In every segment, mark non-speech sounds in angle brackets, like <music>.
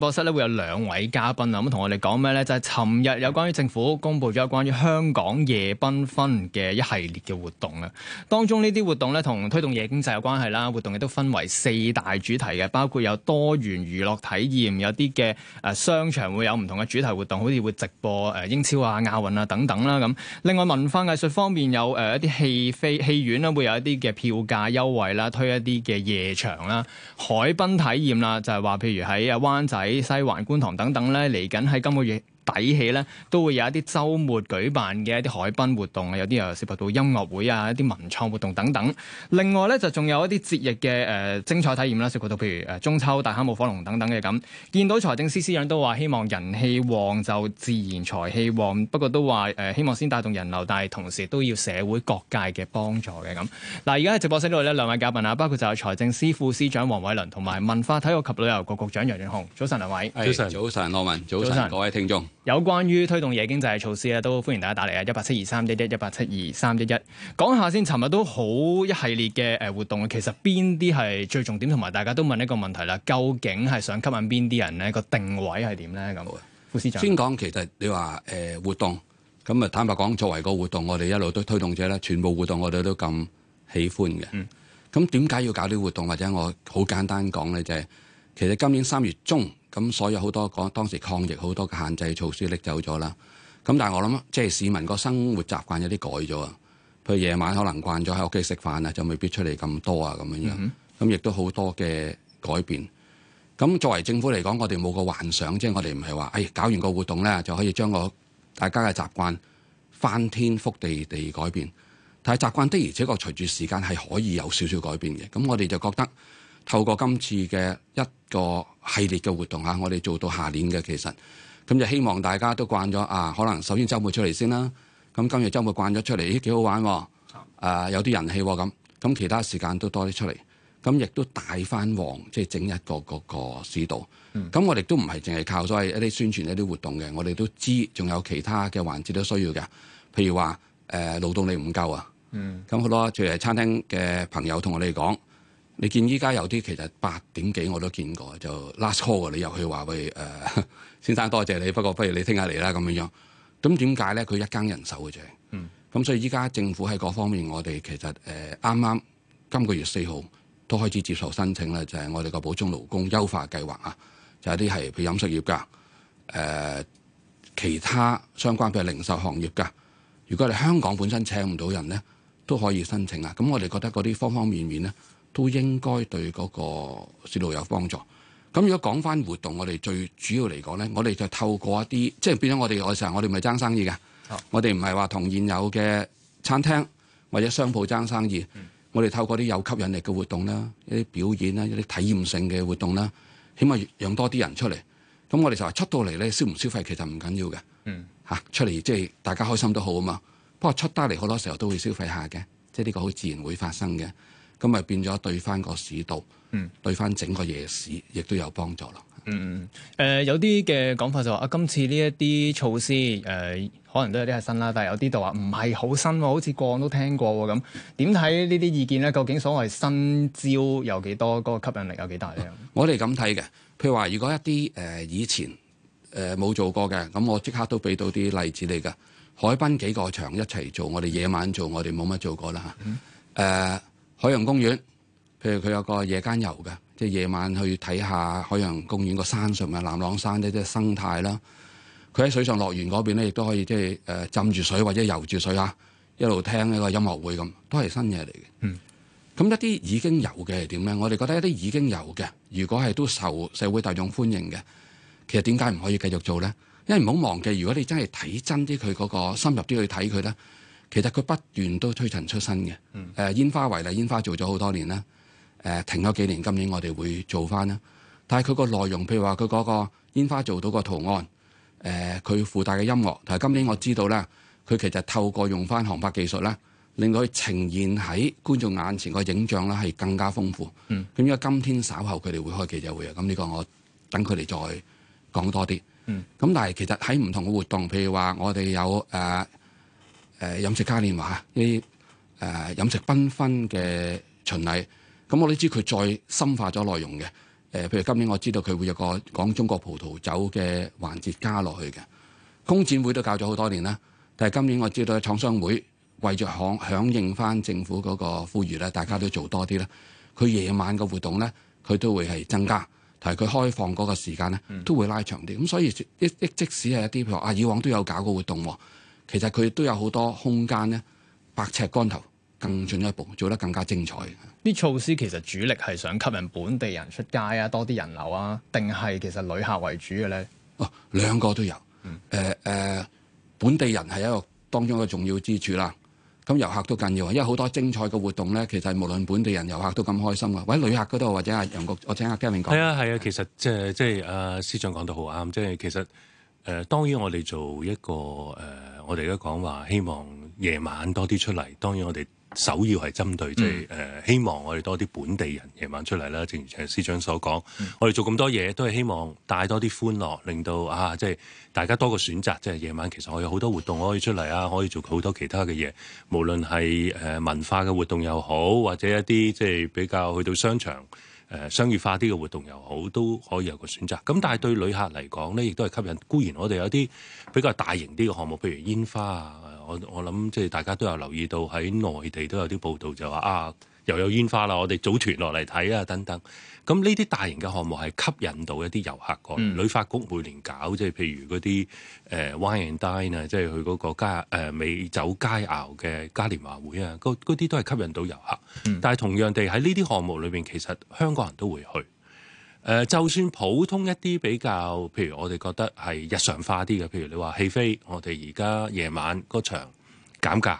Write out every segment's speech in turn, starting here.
播室咧會有兩位嘉賓啊，咁同我哋講咩咧？就係尋日有關於政府公布咗關於香港夜繽紛嘅一系列嘅活動啊，當中呢啲活動咧，同推動夜經濟有關係啦。活動亦都分為四大主題嘅，包括有多元娛樂體驗，有啲嘅誒商場會有唔同嘅主題活動，好似會直播誒英超啊、亞運啊等等啦。咁另外文化藝術方面有誒一啲戲飛戲院啦，會有一啲嘅票價優惠啦，推一啲嘅夜場啦、海濱體驗啦，就係話譬如喺啊灣仔。西環觀塘等等咧，嚟緊喺今個月。睇起嚟，都會有一啲週末舉辦嘅一啲海濱活動啊，有啲又涉及到音樂會啊，一啲文創活動等等。另外咧，就仲有一啲節日嘅誒、呃、精彩體驗啦，涉及到譬如誒中秋大坑舞火龍等等嘅咁。見到財政司司長都話希望人氣旺就自然財氣旺，不過都話誒希望先帶動人流，但係同時都要社會各界嘅幫助嘅咁。嗱，而家喺直播室度呢兩位嘉賓啊，包括就係財政司副司長黃偉綸同埋文化體育及旅遊局局長楊潤雄。早晨，兩位。早晨、hey，早晨，羅文，早晨各位聽眾。有關於推動夜經濟嘅措施咧，都歡迎大家打嚟啊！一八七二三一一一八七二三一一，講下先。尋日都好一系列嘅誒活動啊，其實邊啲係最重點，同埋大家都問一個問題啦，究竟係想吸引邊啲人咧？個定位係點咧？咁副司長先講，其實你話誒、呃、活動咁啊，坦白講，作為個活動，我哋一路都推動者咧，全部活動我哋都咁喜歡嘅。嗯，咁點解要搞啲活動？或者我好簡單講咧，就係、是、其實今年三月中。咁所以好多講當時抗疫好多嘅限制措施拎走咗啦。咁但係我諗，即係市民個生活習慣有啲改咗啊。譬如夜晚可能慣咗喺屋企食飯啊，就未必出嚟咁多啊咁樣樣。咁亦都好多嘅改變。咁作為政府嚟講，我哋冇個幻想，即係我哋唔係話，誒、哎、搞完個活動咧就可以將個大家嘅習慣翻天覆地地改變。但係習慣的而且確隨住時間係可以有少少改變嘅。咁我哋就覺得。透過今次嘅一個系列嘅活動嚇，我哋做到下年嘅其實，咁就希望大家都慣咗啊！可能首先周末出嚟先啦，咁今日周末慣咗出嚟，咦、哎、幾好玩喎！啊，有啲人氣咁，咁其他時間都多啲出嚟，咁亦都帶翻旺，即、就是、整一個嗰個市道。咁、嗯、我哋都唔係淨係靠所謂一啲宣傳一啲活動嘅，我哋都知仲有其他嘅環節都需要嘅，譬如話誒、呃、勞動力唔夠啊。咁、嗯、好多，譬如餐廳嘅朋友同我哋講。你見依家有啲其實八點幾我都見過，就 Last Call 你你。你又去話喂，先生多謝你。不過不如你聽下嚟啦咁樣咁點解咧？佢一更人手嘅啫。嗯。咁所以依家政府喺各方面，我哋其實啱啱、呃、今個月四號都開始接受申請咧，就係我哋個補充勞工優化計劃啊。就有啲係譬如飲食業㗎、呃，其他相關譬如零售行業㗎。如果你香港本身請唔到人咧，都可以申請啊。咁我哋覺得嗰啲方方面面咧。都應該對嗰個市道有幫助。咁如果講返活動，我哋最主要嚟講咧，我哋就透過一啲即係變咗，我哋我成日我哋唔係爭生意嘅，oh. 我哋唔係話同現有嘅餐廳或者商鋪爭生意。Mm. 我哋透過啲有吸引力嘅活動啦，一啲表演啦，一啲體驗性嘅活動啦，起碼讓多啲人出嚟。咁我哋就係出到嚟咧消唔消費其實唔緊要嘅。嗯、mm.，吓出嚟即係大家開心都好啊嘛。不過出得嚟好多時候都會消費下嘅，即係呢個好自然會發生嘅。今日變咗對翻個市道，嗯，對翻整個夜市，亦都有幫助啦。嗯、呃、有啲嘅講法就話、是、啊，今次呢一啲措施、呃、可能都有啲係新啦，但係有啲就話唔係好新喎，好似個個都聽過喎咁。點睇呢啲意見咧？究竟所謂新招有幾多？嗰、嗰個吸引力有幾大咧？我哋咁睇嘅，譬如話，如果一啲、呃、以前冇、呃、做過嘅，咁我即刻都俾到啲例子你㗎。海濱幾個場一齊做，我哋夜晚做，我哋冇乜做過啦嚇。嗯呃海洋公園，譬如佢有個夜間遊嘅，即係夜晚去睇下海洋公園個山上咪南朗山呢啲生態啦。佢喺水上樂園嗰邊咧，亦都可以即係誒浸住水或者遊住水啊，一路聽一個音樂會咁，都係新嘢嚟嘅。嗯，咁一啲已經有嘅係點咧？我哋覺得一啲已經有嘅，如果係都受社會大眾歡迎嘅，其實點解唔可以繼續做咧？因為唔好忘記，如果你真係睇真啲，佢嗰個深入啲去睇佢咧。其實佢不斷都推陳出新嘅，誒、嗯呃、煙花為例，煙花做咗好多年啦，誒、呃、停咗幾年，今年我哋會做翻啦。但係佢個內容，譬如話佢嗰個煙花做到個圖案，誒、呃、佢附帶嘅音樂，但係今年我知道啦。佢其實透過用翻航拍技術咧，令佢呈現喺觀眾眼前個影像咧係更加豐富。咁、嗯、因為今天稍後佢哋會開記者會啊，咁呢個我等佢哋再講多啲。咁、嗯、但係其實喺唔同嘅活動，譬如話我哋有誒、呃誒飲食嘉年華啊！啲誒飲食繽紛嘅巡禮，咁我都知佢再深化咗內容嘅。誒，譬如今年我知道佢會有個講中國葡萄酒嘅環節加落去嘅。工展會都搞咗好多年啦，但係今年我知道廠商會為咗響響應翻政府嗰個呼籲咧，大家都做多啲啦。佢夜晚嘅活動咧，佢都會係增加，但係佢開放嗰個時間咧都會拉長啲。咁所以一一即使係一啲譬如啊，以往都有搞過活動喎。其實佢都有好多空間咧，百尺竿頭更進，更進一步，做得更加精彩。啲措施其實主力係想吸引本地人出街啊，多啲人流啊，定係其實是旅客為主嘅咧？哦，兩個都有。嗯。誒、呃呃、本地人係一個當中嘅重要支柱啦。咁遊客都緊要啊，因為好多精彩嘅活動咧，其實無論本地人、遊客都咁開心嘅。或者旅客嗰度或者阿楊局，我請阿 Jeremy 講。係啊係啊，其實即係即係阿、啊、司長講得好啱，即係其實誒、呃，當然我哋做一個誒。呃我哋而家講話，希望夜晚多啲出嚟。當然，我哋首要係針對即係誒，希望我哋多啲本地人夜晚出嚟啦。正如陳司長所講，我哋做咁多嘢都係希望帶多啲歡樂，令到啊，即係大家多個選擇。即係夜晚其實我有好多活動可以出嚟啊，可以做好多其他嘅嘢，無論係誒文化嘅活動又好，或者一啲即係比較去到商場。商業化啲嘅活動又好，都可以有個選擇。咁但係對旅客嚟講呢，亦都係吸引，固然我哋有啲比較大型啲嘅項目，譬如煙花啊，我我諗即係大家都有留意到喺內地都有啲報道就話啊。又有煙花啦！我哋組團落嚟睇啊，等等咁呢啲大型嘅項目係吸引到一啲遊客過、嗯、旅發局每年搞，即係譬如嗰啲、呃、wine and dine 啊，即、就、係、是、去嗰個加誒、呃、美酒佳肴嘅嘉年華會啊，嗰啲都係吸引到遊客。嗯、但係同樣地喺呢啲項目裏面，其實香港人都會去、呃、就算普通一啲比較，譬如我哋覺得係日常化啲嘅，譬如你話戲飛，我哋而家夜晚嗰場減價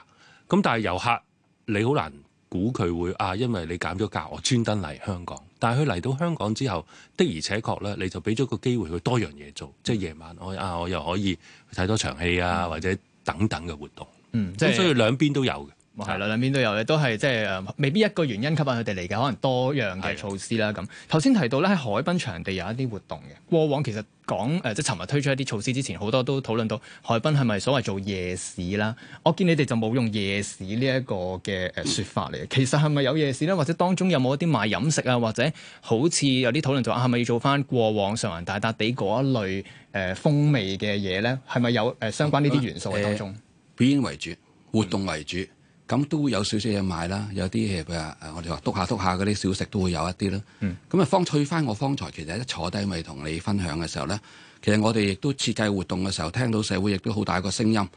咁，但係遊客你好難。估佢會啊，因為你減咗價，我專登嚟香港。但係佢嚟到香港之後，的而且確呢你就俾咗個機會佢多樣嘢做，即係夜晚我啊我又可以睇多場戲啊，或者等等嘅活動。嗯，咁所以兩邊都有嘅。係兩兩邊都有，都係即係未必一個原因吸引佢哋嚟嘅，可能多樣嘅措施啦。咁頭先提到咧，喺海濱場地有一啲活動嘅，過往其實講誒、呃，即係尋日推出一啲措施之前，好多都討論到海濱係咪所謂做夜市啦。我見你哋就冇用夜市呢一個嘅說法嚟嘅，其實係咪有夜市咧？或者當中有冇一啲賣飲食啊？或者好似有啲討論就話係咪要做翻過往上環大笪地嗰一類誒、呃、風味嘅嘢咧？係咪有誒、呃、相關呢啲元素喺當中？表演、呃、為主？活動為主？嗯咁都會有少少嘢買啦，有啲嘢譬如我哋話督下督下嗰啲小食都會有一啲啦。咁、嗯、啊，方翠翻我方才其實一坐低咪同你分享嘅時候咧，其實我哋亦都設計活動嘅時候，聽到社會亦都好大一個聲音，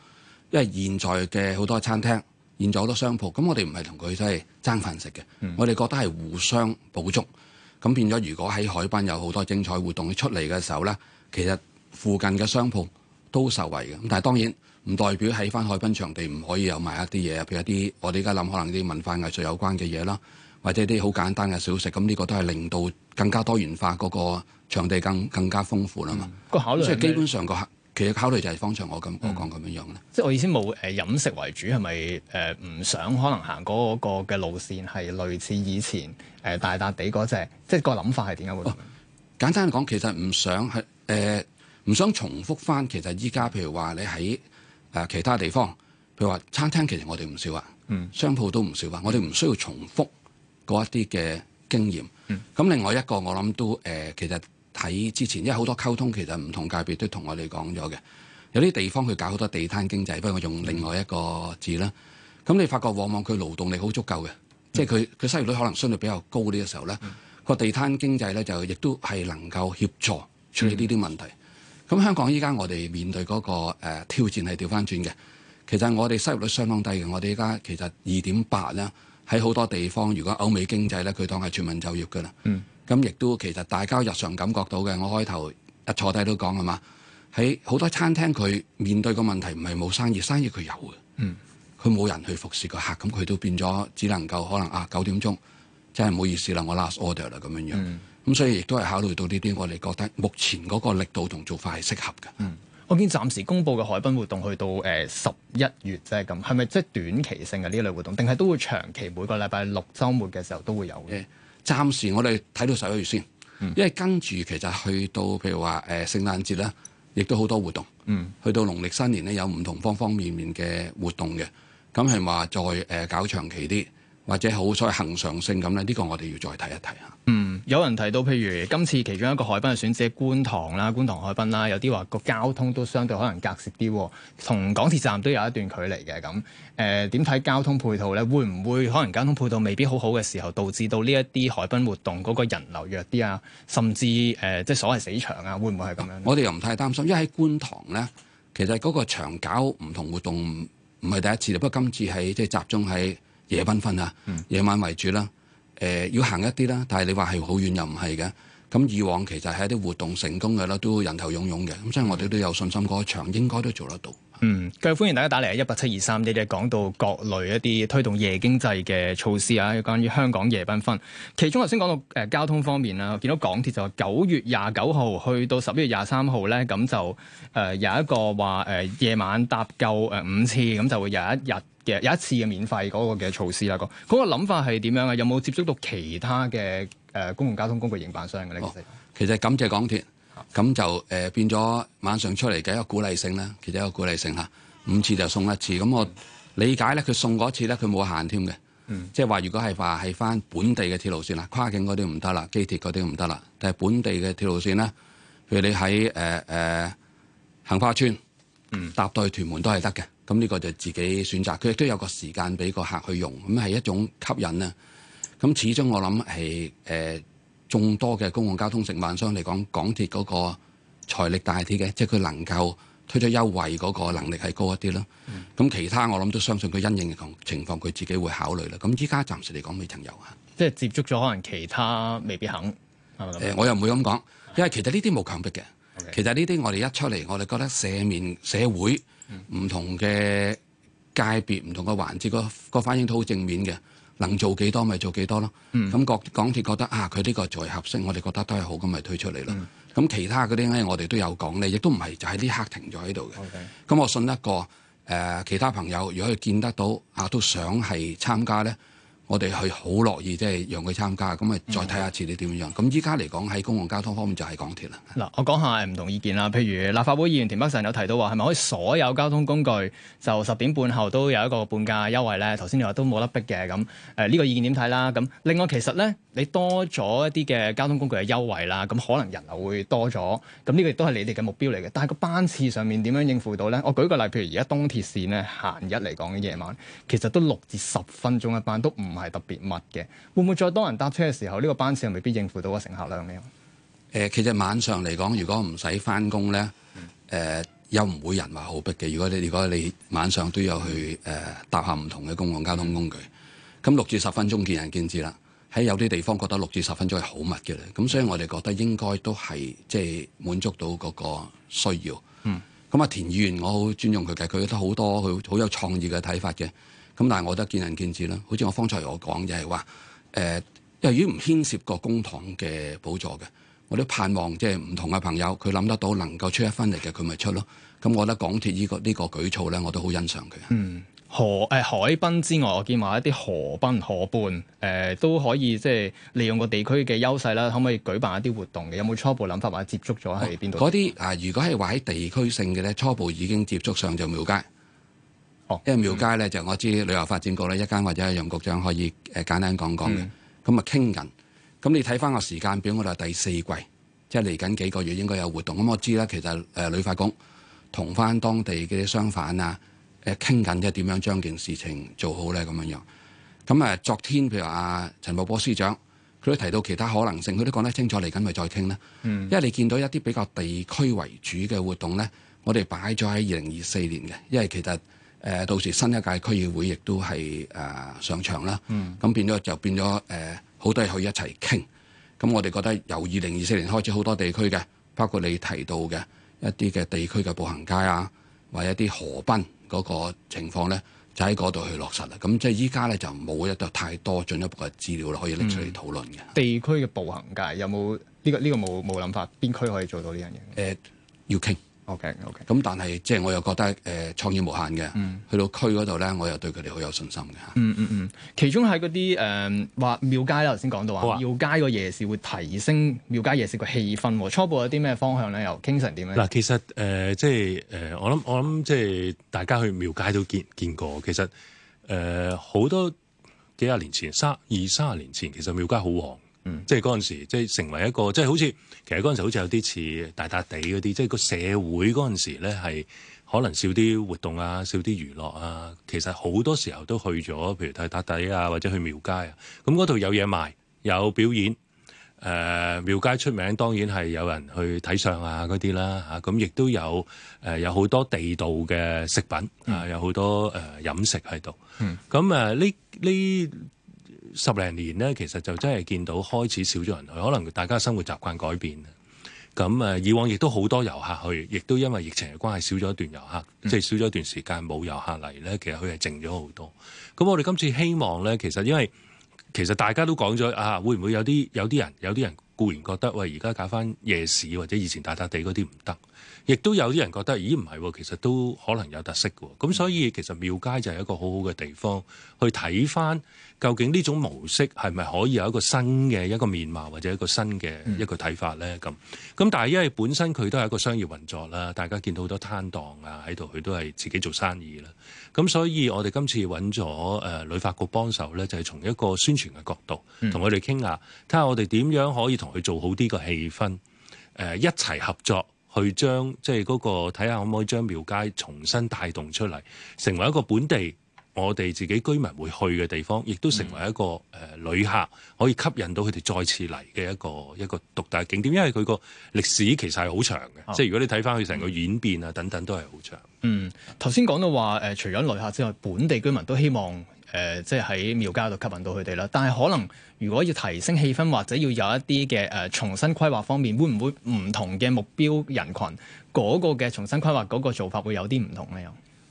因為現在嘅好多餐廳，現在好多商鋪，咁我哋唔係同佢真係爭飯食嘅、嗯，我哋覺得係互相補足。咁變咗，如果喺海濱有好多精彩活動出嚟嘅時候咧，其實附近嘅商鋪都受惠嘅。咁但係當然，唔代表喺翻海濱場地唔可以有埋一啲嘢，譬如一啲我哋而家諗可能啲文化藝術有關嘅嘢啦，或者啲好簡單嘅小食，咁呢個都係令到更加多元化嗰個場地更更加豐富啦嘛。個、嗯、考慮即係基本上個其實考慮就係方向我咁、嗯、我講咁樣樣咧。即係我意思冇誒飲食為主係咪誒唔想可能行嗰、嗰個嘅、嗰個、路線係類似以前誒、呃、大笪地嗰隻，即係個諗法係點解會？簡單嚟講，其實唔想係誒唔想重複翻，其實依家譬如話你喺。其他地方，譬如話餐廳，其實我哋唔少啊、嗯，商鋪都唔少啊，我哋唔需要重複嗰一啲嘅經驗。咁、嗯、另外一個我諗都、呃、其實睇之前，因為好多溝通，其實唔同界別都同我哋講咗嘅。有啲地方佢搞好多地攤經濟，不如我用另外一個字啦。咁、嗯、你發覺往往佢勞動力好足夠嘅、嗯，即係佢佢失業率可能相對比較高啲嘅時候咧，個、嗯、地攤經濟咧就亦都係能夠協助處理呢啲問題。嗯嗯咁香港依家我哋面對嗰個、呃、挑戰係掉返轉嘅，其實我哋失業率相當低嘅，我哋依家其實二點八啦，喺好多地方如果歐美經濟咧，佢當係全民就業㗎啦。嗯。咁亦都其實大家日常感覺到嘅，我開頭一坐低都講係嘛，喺好多餐廳佢面對個問題唔係冇生意，生意佢有嘅。嗯。佢冇人去服侍個客，咁佢都變咗只能夠可能啊九點鐘真係唔好意思啦，我 last order 啦咁樣樣。嗯咁、嗯、所以亦都係考慮到呢啲，我哋覺得目前嗰個力度同做法係適合嘅。嗯，我見暫時公布嘅海濱活動去到誒十一月即係咁，係咪即係短期性嘅呢類活動，定係都會長期每個禮拜六周末嘅時候都會有嘅？暫時我哋睇到十一月先，因為跟住其實去到譬如話誒聖誕節啦，亦、呃、都好多活動，嗯，去到農曆新年咧有唔同方方面面嘅活動嘅，咁係話再誒、呃、搞長期啲。或者好彩恒常性咁咧，呢、呢個我哋要再睇一睇嚇。嗯，有人提到，譬如今次其中一個海濱嘅選址喺觀塘啦，觀塘海濱啦，有啲話個交通都相對可能隔涉啲，同港鐵站都有一段距離嘅咁。誒點睇交通配套咧？會唔會可能交通配套未必好好嘅時候，導致到呢一啲海濱活動嗰個人流弱啲啊？甚至、呃、即係所謂死場會會啊？會唔會係咁樣？我哋又唔太擔心，因為喺觀塘咧，其實嗰個場搞唔同活動唔係第一次，不過今次係即係、就係、集中喺，夜繽紛啊，夜晚為主啦。誒、呃、要行一啲啦，但係你話係好遠又唔係嘅。咁以往其實係一啲活動成功嘅啦，都人頭涌涌嘅。咁所以我哋都有信心嗰、那個、場應該都做得到。嗯，繼續歡迎大家打嚟一八七二三，你哋講到各類一啲推動夜經濟嘅措施啊，關於香港夜繽紛。其中頭先講到誒、呃、交通方面啦，見到港鐵就九月廿九號去到十一月廿三號咧，咁就誒、呃、有一個話誒、呃、夜晚搭夠誒、呃、五次，咁就會有一日，有一次嘅免費嗰個嘅措施啦，嗰、嗰、嗰個諗法係點樣啊？有冇接觸到其他嘅誒公共交通工具營辦商嘅呢？其其實感謝港鐵，咁就誒變咗晚上出嚟嘅一個鼓勵性啦，其實一個鼓勵性嚇，五次就送一次，咁我理解咧，佢送嗰次咧，佢冇限添嘅，即係話如果係話係翻本地嘅鐵路線啦，跨境嗰啲唔得啦，機鐵嗰啲唔得啦，但係本地嘅鐵路線咧，譬如你喺誒誒杏花邨搭到去屯門都係得嘅。咁呢個就自己選擇，佢亦都有個時間俾個客去用，咁係一種吸引啦。咁始終我諗係誒眾多嘅公共交通承辦商嚟講，港鐵嗰個財力大啲嘅，即係佢能夠推出優惠嗰個能力係高一啲囉。咁其他我諗都相信佢因應嘅情況，佢自己會考慮啦。咁依家暫時嚟講未曾有啊，即係接觸咗可能其他未必肯。係咪？呃、我又唔會咁講，因為其實呢啲冇強迫嘅。Okay. 其實呢啲我哋一出嚟，我哋覺得社面社會。唔、嗯、同嘅界別，唔同嘅環節，個反應都好正面嘅，能做幾多咪做幾多咯。咁、嗯、港鐵覺得啊，佢呢個再合適，我哋覺得都係好的，咁咪推出嚟咯。咁、嗯、其他嗰啲咧，我哋都有講咧，亦都唔係就喺、是、呢刻停咗喺度嘅。咁、okay. 我信一個誒、呃，其他朋友如果佢見得到啊，都想係參加咧。我哋去好樂意，即係讓佢參加，咁咪再睇下次你點樣樣。咁依家嚟講喺公共交通方面就係港鐵啦。嗱，我講下唔同意見啦。譬如立法會議員田北辰有提到話，係咪可以所有交通工具就十點半後都有一個半價優惠咧？頭先你話都冇得逼嘅咁。誒，呢個意見點睇啦？咁另外其實咧，你多咗一啲嘅交通工具嘅優惠啦，咁可能人流會多咗。咁呢個亦都係你哋嘅目標嚟嘅。但係個班次上面點樣應付到咧？我舉個例，譬如而家東鐵線咧，閒日嚟講嘅夜晚，其實都六至十分鐘一班，都唔。唔係特別密嘅，會唔會再多人搭車嘅時候，呢個班次又未必應付到個乘客量呢？誒，其實晚上嚟講，如果唔使翻工咧，誒又唔會人話好逼嘅。如果你如果你晚上都有去誒搭下唔同嘅公共交通工具，咁、嗯、六至十分鐘見仁見智啦。喺有啲地方覺得六至十分鐘係好密嘅咧，咁所以我哋覺得應該都係即係滿足到嗰個需要。嗯，咁啊，田議員我好尊重佢嘅，佢都好多佢好有創意嘅睇法嘅。咁但係我覺得見仁見智啦，好似我方才我講嘢係話，誒由於唔牽涉個公帑嘅補助嘅，我都盼望即係唔同嘅朋友佢諗得到能夠出一分力嘅，佢咪出咯。咁我覺得港鐵呢個、呢個呢、呢個舉措咧，我都好欣賞佢。嗯，河誒、呃、海濱之外，我見話一啲河濱河畔誒、呃、都可以即係、就是、利用個地區嘅優勢啦，可唔可以舉辦一啲活動嘅？有冇初步諗法或者接觸咗喺邊度？嗰啲啊，如果係話喺地區性嘅咧，初步已經接觸上就廟街。因為廟街咧，就我知旅遊發展局咧一間或者阿楊局長可以誒、呃、簡單講講嘅，咁啊傾緊，咁你睇翻個時間表，我哋第四季，即係嚟緊幾個月應該有活動。咁我知啦，其實誒旅發局同翻當地嘅商販啊誒傾緊即係點樣將件事情做好咧咁樣樣。咁、嗯嗯、啊，昨天譬如話阿陳茂波司長，佢都提到其他可能性，佢都講得清楚嚟緊咪再傾啦、嗯。因為你見到一啲比較地區為主嘅活動咧，我哋擺咗喺二零二四年嘅，因為其實。誒到時新一屆區議會亦都係誒上場啦，咁、嗯、變咗就變咗誒，好、呃、多係去一齊傾。咁我哋覺得由二零二四年開始，好多地區嘅，包括你提到嘅一啲嘅地區嘅步行街啊，或者一啲河濱嗰個情況咧，就喺嗰度去落實啦。咁即係依家咧就冇一度太多進一步嘅資料啦，可以拎出嚟討論嘅、嗯。地區嘅步行街有冇呢、呢個呢、呢個冇冇諗法？邊區可以做到呢樣嘢？誒、呃，要傾。O K，O K，咁但係即係我又覺得誒，創意無限嘅，去到區嗰度咧，我又對佢哋好有信心嘅。嗯嗯嗯，其中喺嗰啲誒，話廟街咧，頭先講到啊，廟街個夜市會提升廟街夜市個氣氛，初步有啲咩方向咧？又傾成點咧？嗱，其實誒，即係誒，我諗我諗，即係大家去廟街都見見過，其實誒，好多幾廿年前，三二卅年前，其實廟街好旺，即係嗰陣時，即係成為一個，即係好似。其實嗰時好似有啲似大笪地嗰啲，即係個社會嗰陣時咧，係可能少啲活動啊，少啲娛樂啊。其實好多時候都去咗，譬如大笪地啊，或者去廟街啊。咁嗰度有嘢賣，有表演。誒、呃，廟街出名當然係有人去睇相啊嗰啲啦嚇。咁、啊、亦都有誒、呃，有好多地道嘅食品啊，有好多誒、呃、飲食喺度。嗯。咁誒，呢、呃、呢。十零年呢，其實就真係見到開始少咗人去，可能大家生活習慣改變，咁以往亦都好多遊客去，亦都因為疫情嘅關係少咗一段遊客，嗯、即係少咗一段時間冇遊客嚟呢，其實佢係靜咗好多。咁我哋今次希望呢，其實因為其實大家都講咗啊，會唔會有啲有啲人有啲人固然覺得喂，而家搞返夜市或者以前大笪地嗰啲唔得？亦都有啲人覺得，咦？唔係，其實都可能有特色喎。咁所以其實廟街就係一個好好嘅地方，去睇翻究竟呢種模式係咪可以有一個新嘅一個面貌，或者一個新嘅、嗯、一個睇法呢。咁咁，但係因為本身佢都係一個商業運作啦，大家見到好多攤檔啊喺度，佢都係自己做生意啦。咁所以我哋今次揾咗誒旅發局幫手呢，就係、是、從一個宣傳嘅角度同佢哋傾下，睇下、嗯、我哋點樣可以同佢做好啲個氣氛，誒、呃、一齊合作。去將即係嗰個睇下可唔可以將廟街重新帶動出嚟，成為一個本地我哋自己居民會去嘅地方，亦都成為一個呃、旅客可以吸引到佢哋再次嚟嘅一個一個獨特的景點，因為佢個歷史其實係好長嘅，oh. 即係如果你睇翻佢成個演變啊等等都係好長。嗯，頭先講到話、呃、除咗旅客之外，本地居民都希望。誒、呃，即係喺廟街度吸引到佢哋啦。但係可能，如果要提升氣氛，或者要有一啲嘅誒重新規劃方面，會唔會唔同嘅目標人群？嗰、那個嘅重新規劃嗰個做法會有啲唔同呢？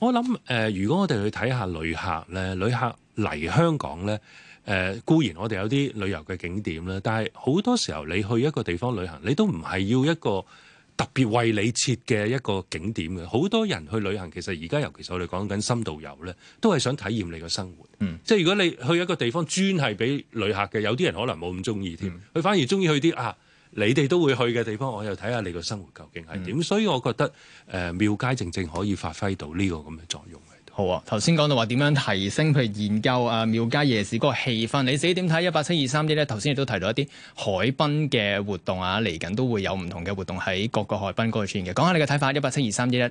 我諗誒、呃，如果我哋去睇下旅客咧，旅客嚟香港咧，誒、呃、固然我哋有啲旅遊嘅景點啦，但係好多時候你去一個地方旅行，你都唔係要一個。特別為你設嘅一個景點嘅，好多人去旅行，其實而家尤其是我哋講緊深度遊咧，都係想體驗你個生活。嗯，即係如果你去一個地方專係俾旅客嘅，有啲人可能冇咁中意添，佢、嗯、反而中意去啲啊你哋都會去嘅地方，我又睇下你個生活究竟係點、嗯。所以我覺得誒、呃，廟街正正可以發揮到呢個咁嘅作用。好啊，頭先講到話點樣提升，譬如研究啊廟街夜市嗰個氣氛，你自己點睇？一八七二三一咧，頭先亦都提到一啲海濱嘅活動啊，嚟緊都會有唔同嘅活動喺各個海濱嗰度出現嘅。講下你嘅睇法，一八七二三一一。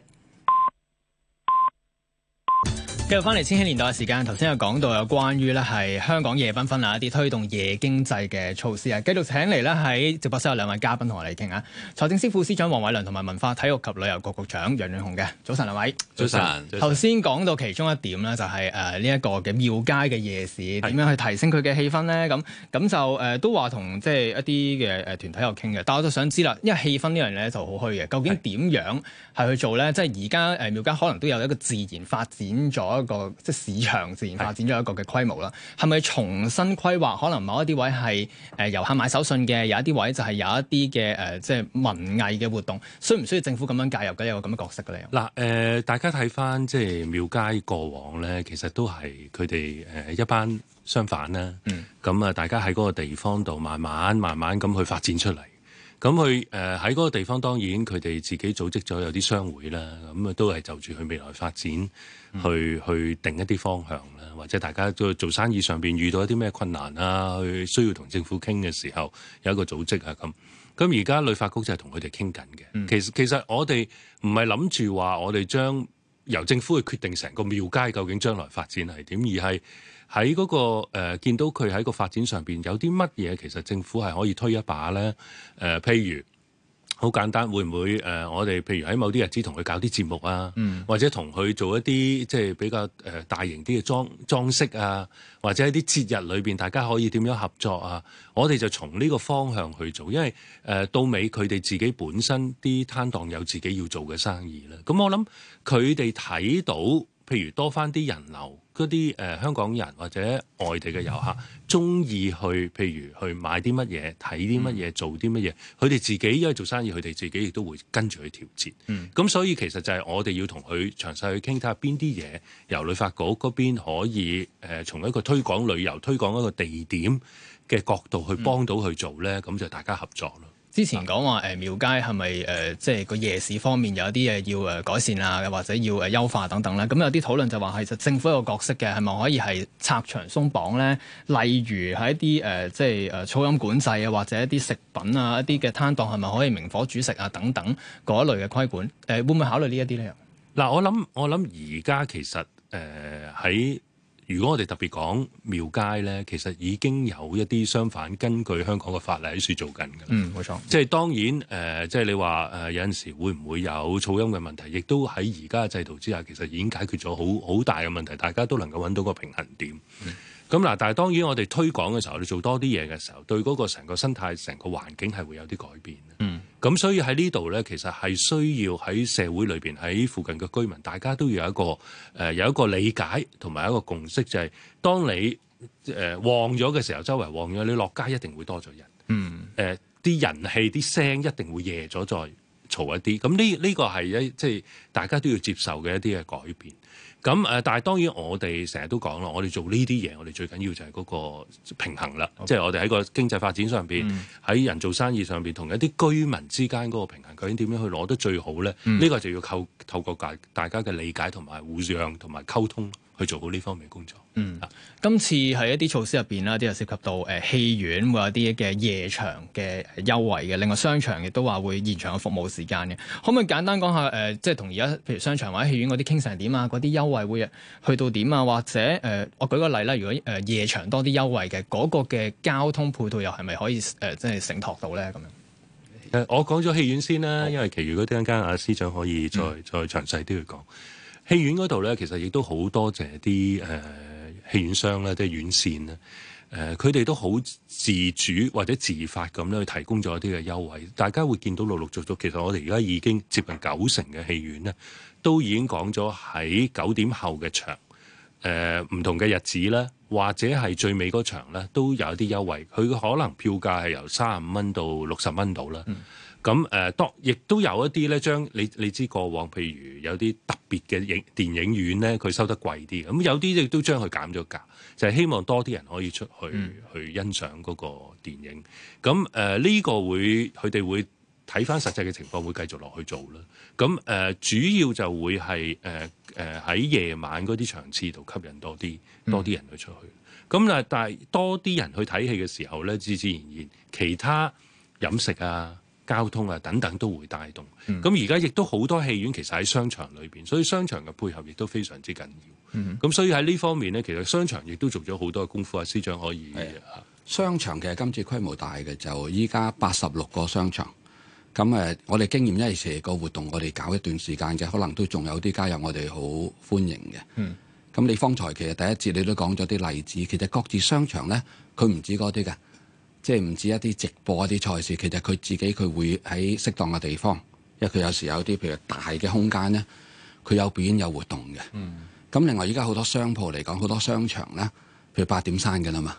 繼續翻嚟《千禧年代》嘅時間，頭先有講到有關於咧係香港夜繽紛啊一啲推動夜經濟嘅措施啊，繼續請嚟咧喺直播室有兩位嘉賓同我哋傾下。財政司副司長黃偉綸同埋文化、體育及旅遊局局長楊潤雄嘅，早晨兩位，早晨。頭先講到其中一點咧，就係誒呢一個嘅廟街嘅夜市點樣去提升佢嘅氣氛咧？咁咁就誒、呃、都話同即係一啲嘅誒團體有傾嘅，但我就想知啦，因為氣氛呢樣嘢咧就好虛嘅，究竟點樣係去做咧？即係而家誒廟街可能都有一個自然發展咗。一、個即係市場自然發展咗一個嘅規模啦，係咪重新規劃？可能某一啲位係誒遊客買手信嘅，有一啲位就係有一啲嘅誒，即係文藝嘅活動，需唔需要政府咁樣介入嘅？有一個咁嘅角色嘅咧？嗱、呃，誒、呃，大家睇翻即係廟街過往咧，其實都係佢哋誒一班商販啦。嗯，咁啊，大家喺嗰個地方度慢慢慢慢咁去發展出嚟。咁佢誒喺嗰個地方，當然佢哋自己組織咗有啲商會啦，咁啊都係就住佢未來發展去，嗯、去定一啲方向啦，或者大家都做生意上邊遇到一啲咩困難啊，去需要同政府傾嘅時候，有一個組織啊咁。咁而家旅發局就係同佢哋傾緊嘅。其實，其實我哋唔係諗住話，我哋將由政府去決定成個廟街究竟將來發展係點，而係。喺嗰個誒見到佢喺個發展上面有啲乜嘢，其實政府係可以推一把咧。誒，譬如好簡單，會唔會誒我哋譬如喺某啲日子同佢搞啲節目啊，嗯，或者同佢做一啲即係比較大型啲嘅裝裝飾啊，或者一啲節日裏面大家可以點樣合作啊？我哋就從呢個方向去做，因為誒到尾佢哋自己本身啲攤檔有自己要做嘅生意啦。咁我諗佢哋睇到。譬如多翻啲人流，嗰啲、呃、香港人或者外地嘅遊客，中意去譬如去買啲乜嘢，睇啲乜嘢，做啲乜嘢，佢、嗯、哋自己因為做生意，佢哋自己亦都會跟住去調節。嗯，咁所以其實就係我哋要同佢詳細去傾，睇下邊啲嘢，由旅發局嗰邊可以誒從、呃、一個推廣旅遊推廣一個地點嘅角度去幫到佢做咧，咁、嗯、就大家合作咯。之前講話誒廟街係咪誒即係個夜市方面有一啲嘢要誒改善啊，或者要誒優化等等咧？咁有啲討論就話係實政府一個角色嘅，係咪可以係拆牆鬆綁咧？例如喺一啲誒即係誒噪音管制啊，或者一啲食品啊，一啲嘅攤檔係咪可以明火煮食啊等等嗰類嘅規管？誒、呃、會唔會考慮呢一啲咧？嗱，我諗我諗而家其實誒喺，呃在如果我哋特別講廟街呢，其實已經有一啲相反根據香港嘅法例喺處做緊㗎喇。冇錯，即係當然，即、呃、係、就是、你話、呃、有陣時會唔會有噪音嘅問題？亦都喺而家嘅制度之下，其實已經解決咗好好大嘅問題，大家都能夠揾到個平衡點。咁、嗯、嗱，但係當然我哋推廣嘅時候，你做多啲嘢嘅時候，對嗰個成個生態、成個環境係會有啲改變。咁所以喺呢度咧，其實係需要喺社會裏邊，喺附近嘅居民，大家都要有一個誒、呃、有一個理解同埋一個共識，就係、是、當你誒、呃、旺咗嘅時候，周圍旺咗，你落街一定會多咗人，嗯，誒、呃、啲人氣、啲聲一定會夜咗再嘈一啲。咁呢呢個係一即係、就是、大家都要接受嘅一啲嘅改變。咁誒，但係當然我哋成日都講啦，我哋做呢啲嘢，我哋最緊要就係嗰個平衡啦。即、okay. 係我哋喺個經濟發展上面，喺、嗯、人做生意上面，同一啲居民之間嗰個平衡，究竟點樣去攞得最好咧？呢、嗯呢個就要靠透過大大家嘅理解同埋互讓，同埋溝通。去做好呢方面工作。嗯，今次喺一啲措施入邊啦，都有涉及到誒、呃、戲院會有啲嘅夜場嘅優惠嘅。另外商場亦都話會延長嘅服務時間嘅。可唔可以簡單講下誒、呃，即係同而家譬如商場或者戲院嗰啲傾成點啊？嗰啲優惠會去到點啊？或者誒、呃，我舉個例啦，如果誒、呃、夜場多啲優惠嘅，嗰、嗰個嘅交通配套又係咪可以誒，即、呃、係承托到咧？咁樣誒、呃，我講咗戲院先啦，哦、因為其餘嗰啲陣間啊，司長可以再再詳細啲去講。嗯戲院嗰度咧，其實亦都好多謝啲誒戲院商咧，即係院線咧，誒佢哋都好自主或者自發咁咧，去提供咗一啲嘅優惠。大家會見到陸陸續續，其實我哋而家已經接近九成嘅戲院咧，都已經講咗喺九點後嘅場，誒、呃、唔同嘅日子咧，或者係最尾嗰場咧，都有一啲優惠。佢可能票價係由三十五蚊到六十蚊到啦。嗯咁、嗯、誒，多亦都有一啲咧，將你你知過往，譬如有啲特別嘅影電影院咧，佢收得貴啲。咁、嗯、有啲亦都將佢減咗價，就係、是、希望多啲人可以出去去欣賞嗰個電影。咁誒呢個會佢哋會睇返實際嘅情況，會繼續落去做啦。咁、嗯、誒、呃、主要就會係誒喺夜晚嗰啲場次度吸引多啲多啲人去出去。咁、嗯、啊，但係多啲人去睇戲嘅時候咧，自自然然其他飲食啊。交通啊，等等都會帶動。咁而家亦都好多戲院其實喺商場裏邊，所以商場嘅配合亦都非常之緊要。咁、嗯、所以喺呢方面呢，其實商場亦都做咗好多功夫。啊。司長可以的，商場其實今次規模大嘅就依家八十六個商場。咁誒，我哋經驗因為成個活動我哋搞一段時間嘅，可能都仲有啲加入我哋好歡迎嘅。咁、嗯、你方才其實第一節你都講咗啲例子，其實各自商場呢，佢唔止嗰啲嘅。即係唔止一啲直播一啲賽事，其實佢自己佢會喺適當嘅地方，因為佢有時有啲譬如大嘅空間咧，佢有表演有活動嘅。嗯。咁另外依家好多商鋪嚟講，好多商場咧，譬如八點閂㗎啦嘛。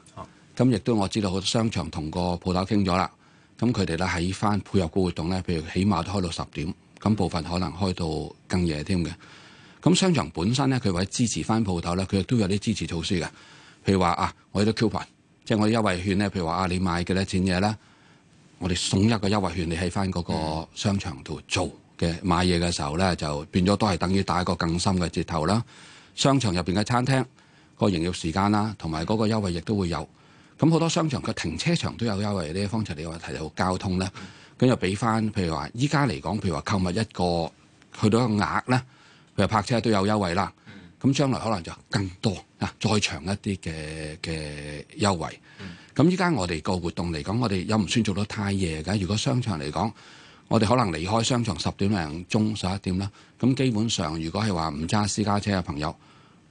咁、啊、亦都我知道好多商場同個鋪頭傾咗啦，咁佢哋咧喺翻配合個活動咧，譬如起碼都開到十點，咁部分可能開到更夜添嘅。咁商場本身咧，佢為支持翻鋪頭咧，佢亦都有啲支持措施嘅，譬如話啊，我喺度 coupon。即係我啲優惠券咧，譬如話啊，你買幾多錢嘢咧，我哋送一個優惠券你喺翻嗰個商場度做嘅買嘢嘅時候咧，就變咗都係等於打一個更深嘅折頭啦。商場入邊嘅餐廳，個營業時間啦，同埋嗰個優惠亦都會有。咁好多商場嘅停車場都有優惠呢。方才你話提到交通咧，咁又俾翻，譬如話依家嚟講，譬如話購物一個去到一個額咧，譬如泊車都有優惠啦。咁將來可能就更多啊，再長一啲嘅嘅優惠。咁依家我哋個活動嚟講，我哋又唔算做得太夜嘅。如果商場嚟講，我哋可能離開商場十點零鐘十一點啦。咁基本上，如果係話唔揸私家車嘅朋友，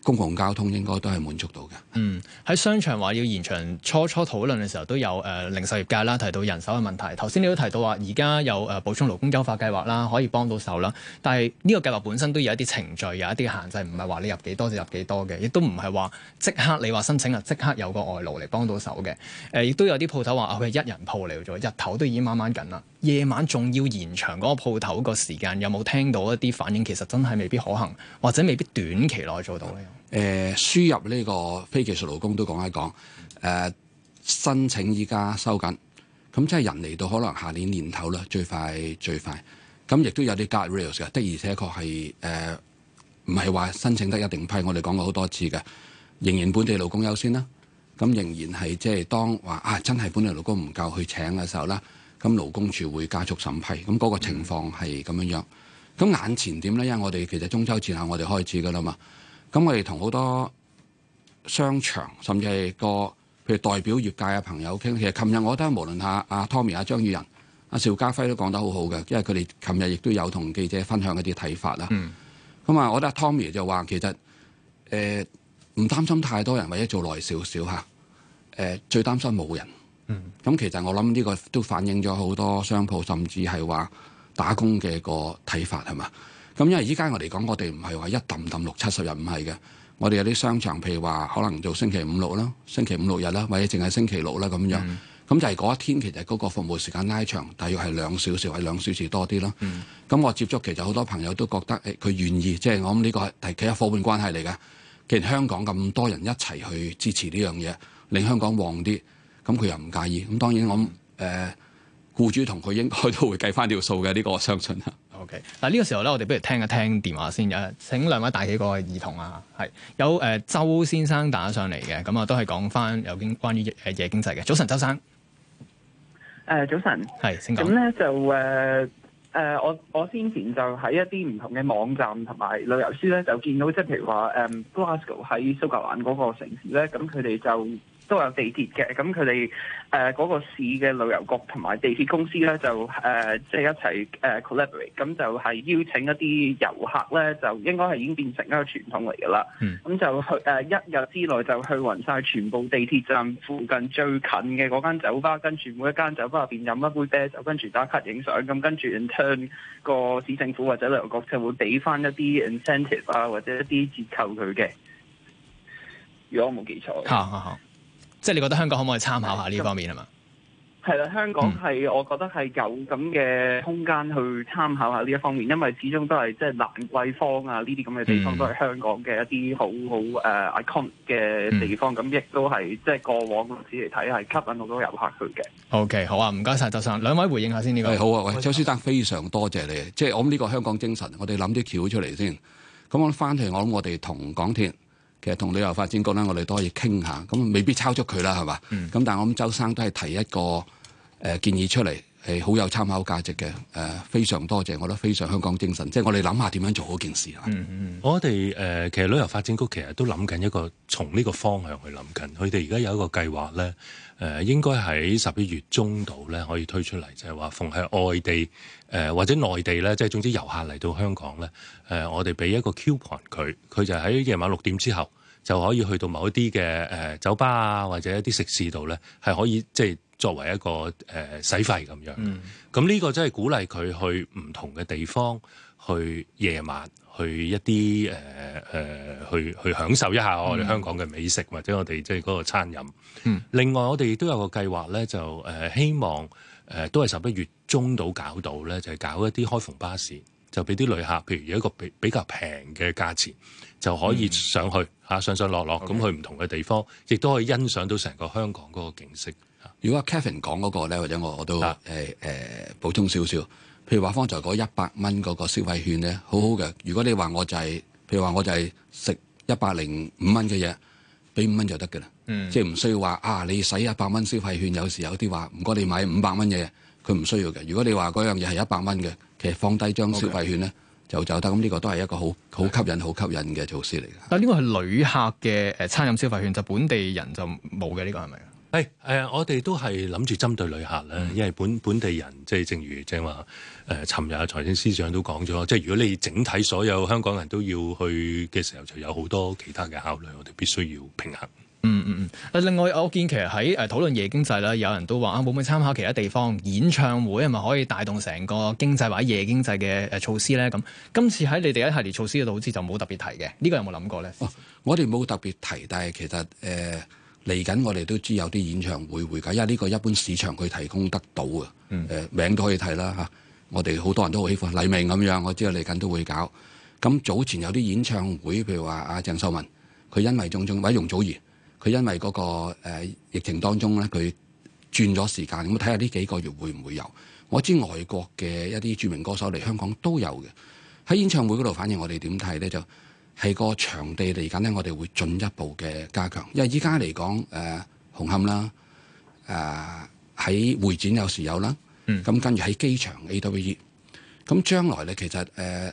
公共交通應該都係滿足到嘅。嗯，喺商場話要延長，初初討論嘅時候都有、呃、零售業界啦，提到人手嘅問題。頭先你都提到話，而家有誒補充勞工優化計劃啦，可以幫到手啦。但係呢個計劃本身都有一啲程序，有一啲限制，唔係話你入幾多就入幾多嘅，亦都唔係話即刻你話申請啊，即刻有個外勞嚟幫到手嘅。誒、呃，亦都有啲鋪頭話佢係一人鋪嚟咗，日頭都已經掹掹緊啦。夜晚仲要延長嗰個鋪頭個時間，有冇聽到一啲反應？其實真係未必可行，或者未必短期內做到咧。誒、呃，輸入呢個非技術勞工都講一講。誒、呃，申請依家收緊，咁即係人嚟到可能下年年頭啦，最快最快。咁亦都有啲 guardrail 嘅，的而且確係誒唔係話申請得一定批。我哋講過好多次嘅，仍然本地勞工優先啦。咁仍然係即係當話啊，真係本地勞工唔夠去請嘅時候啦。咁勞工處會加速審批，咁、那、嗰個情況係咁樣樣。咁眼前點咧？因為我哋其實中秋節後我哋開始噶啦嘛。咁我哋同好多商場，甚至係個譬如代表業界嘅朋友傾。其實琴日我覺得無論阿阿 Tommy、阿張宇人、阿邵家輝都講得好好嘅，因為佢哋琴日亦都有同記者分享一啲睇法啦。咁、嗯、啊，我覺得 Tommy 就話其實誒唔、呃、擔心太多人，或者做耐少少吓。誒最擔心冇人。咁、嗯、其實我諗呢個都反映咗好多商鋪，甚至係話打工嘅個睇法係嘛。咁因為依家我嚟講，我哋唔係話一揼揼六七十日唔係嘅。我哋有啲商場譬如話可能做星期五六啦、星期五六日啦，或者淨係星期六啦咁樣。咁、嗯、就係嗰一天其實嗰個服務時間拉長，大約係兩小時或者兩小時多啲咯。咁、嗯、我接觸其實好多朋友都覺得誒，佢、欸、願意，即、就、係、是、我諗呢個係其實伙伴關係嚟嘅。既然香港咁多人一齊去支持呢樣嘢，令香港旺啲。咁佢又唔介意，咁當然我誒、呃、僱主同佢應該都會計翻條數嘅，呢、這個我相信 OK，嗱呢個時候咧，我哋不如聽一聽電話先啊！請兩位大幾個兒童啊，係有誒、呃、周先生打上嚟嘅，咁啊都係講翻有關於誒夜、呃、夜經濟嘅。早晨，周生。誒、呃，早晨。係，請講。咁咧就誒、呃、我我先前就喺一啲唔同嘅網站同埋旅遊書咧，就見到即係、就是、譬如話誒，Glasgow 喺蘇格蘭嗰個城市咧，咁佢哋就。都有地鐵嘅，咁佢哋誒嗰個市嘅旅遊局同埋地鐵公司咧，就誒即係一齊誒 collaborate，咁就係邀請一啲遊客咧，就應該係已經變成一個傳統嚟㗎啦。嗯，咁就去誒、呃、一日之內就去勻曬全部地鐵站附近最近嘅嗰間酒吧，跟住每一間酒吧入邊飲一杯啤酒，跟住打卡影相，咁跟住 in turn 個市政府或者旅遊局就會俾翻一啲 incentive 啊，或者一啲折扣佢嘅，如果我冇記錯。好好。即係你覺得香港可唔可以參考下呢方面呀嘛？係啦，香港係、嗯、我覺得係有咁嘅空間去參考下呢一方面，因為始終都係即係蘭桂坊啊呢啲咁嘅地方都係香港嘅一啲好好誒 icon 嘅地方，咁、嗯 uh, 嗯嗯、亦都係即係過往歷史嚟睇係吸引好多遊客去嘅。OK，好啊，唔該晒，周生，兩位回應下先呢個、哎。好啊，喂，周先生，非常多謝你，即係我哋呢個香港精神，我哋諗啲橋出嚟先。咁我翻嚟，我諗我哋同港鐵。其實同旅遊發展局咧，我哋都可以傾下，咁未必抄出佢啦，係嘛？咁、嗯、但係我諗周生都係提一個誒、呃、建議出嚟，係、呃、好有參考價值嘅。誒、呃，非常多謝，我覺得非常香港精神，即係我哋諗下點樣做嗰件事啦。嗯嗯，嗯我，我哋誒，其實旅遊發展局其實都諗緊一個從呢個方向去諗緊，佢哋而家有一個計劃咧。誒應該喺十一月中度咧，可以推出嚟，就係話逢係外地誒、呃、或者內地咧，即係總之遊客嚟到香港咧，誒、呃、我哋俾一個 coupon 佢，佢就喺夜晚六點之後就可以去到某一啲嘅誒酒吧啊或者一啲食肆度咧，係可以即係、就是、作為一個誒、呃、使費咁樣。咁、嗯、呢個真係鼓勵佢去唔同嘅地方去夜晚。去一啲誒誒，去去享受一下我哋香港嘅美食、嗯、或者我哋即係嗰個餐飲。嗯，另外我哋都有個計劃咧，就誒希望誒、呃、都係十一月中到搞到咧，就係、係、搞一啲開篷巴士，就俾啲旅客，譬如有一個比比較平嘅價錢，就可以上去嚇、嗯、上上落落咁、okay. 去唔同嘅地方，亦都可以欣賞到成個香港嗰個景色。如果阿 Kevin 講嗰、嗰個咧，或者我我都誒誒補充少少。譬如話，方才嗰一百蚊嗰個消費券咧，好好嘅。如果你話我就係、是，譬如話我就係食一百零五蚊嘅嘢，俾五蚊就得㗎啦。嗯，即係唔需要話啊！你使一百蚊消費券，有時有啲話唔該，你買五百蚊嘢，佢唔需要嘅。如果你話嗰樣嘢係一百蚊嘅，其實放低張消費券咧、okay. 就就得。咁呢個都係一個好好吸引、好吸引嘅措施嚟嘅。但呢個係旅客嘅誒餐飲消費券，就本地人就冇嘅。呢、這個係咪？係誒、呃，我哋都係諗住針對旅客咧、嗯，因為本本地人即係、就是、正如正話。誒，尋日財政司長都講咗，即係如果你整體所有香港人都要去嘅時候，就有好多其他嘅考慮，我哋必須要平衡。嗯嗯嗯。另外我見其實喺誒討論夜經濟啦，有人都話啊，會唔會參考其他地方演唱會係咪可以帶動成個經濟或者夜經濟嘅誒措施咧？咁今次喺你哋一系列措施嗰度，好似就冇特別提嘅。呢、呢個有冇諗過咧、哦？我哋冇特別提，但係其實誒嚟緊，呃、我哋都知有啲演唱會會㗎，因為呢個一般市場佢提供得到嘅，誒、嗯呃、名都可以睇啦嚇。我哋好多人都好喜歡黎明咁樣，我知道嚟緊都會搞。咁早前有啲演唱會，譬如話阿鄭秀文，佢因為種種或者容祖兒，佢因為嗰、那個、呃、疫情當中咧，佢轉咗時間。咁睇下呢幾個月會唔會有？我知外國嘅一啲著名歌手嚟香港都有嘅。喺演唱會嗰度，反映我哋點睇咧，就係個場地嚟緊咧，我哋會進一步嘅加強。因為依家嚟講，誒、呃、紅磡啦，喺、呃、會展有時有啦。咁、嗯、跟住喺機場 AWE，咁將來咧，其實誒、呃、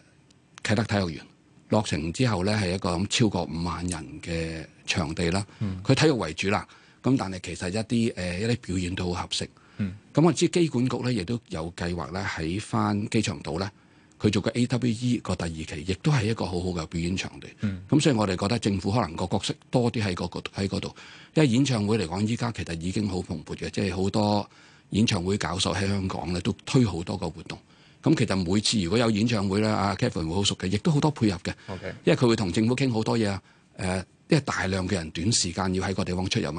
啟德體育園落成之後咧，係一個咁超過五萬人嘅場地啦。佢、嗯、體育為主啦，咁但係其實一啲、呃、一啲表演都好合適。咁、嗯、我知機管局咧亦都有計劃咧喺翻機場島咧，佢做嘅 AWE 個第二期，亦都係一個好好嘅表演場地。咁、嗯、所以我哋覺得政府可能個角色多啲喺嗰喺嗰度，因為演唱會嚟講，依家其實已經好蓬勃嘅，即係好多。演唱會搞手喺香港咧，都推好多個活動。咁其實每次如果有演唱會咧，阿 Kevin 會好熟嘅，亦都好多配合嘅，okay，因為佢會同政府傾好多嘢啊。誒，因為大量嘅人短時間要喺個地方出入，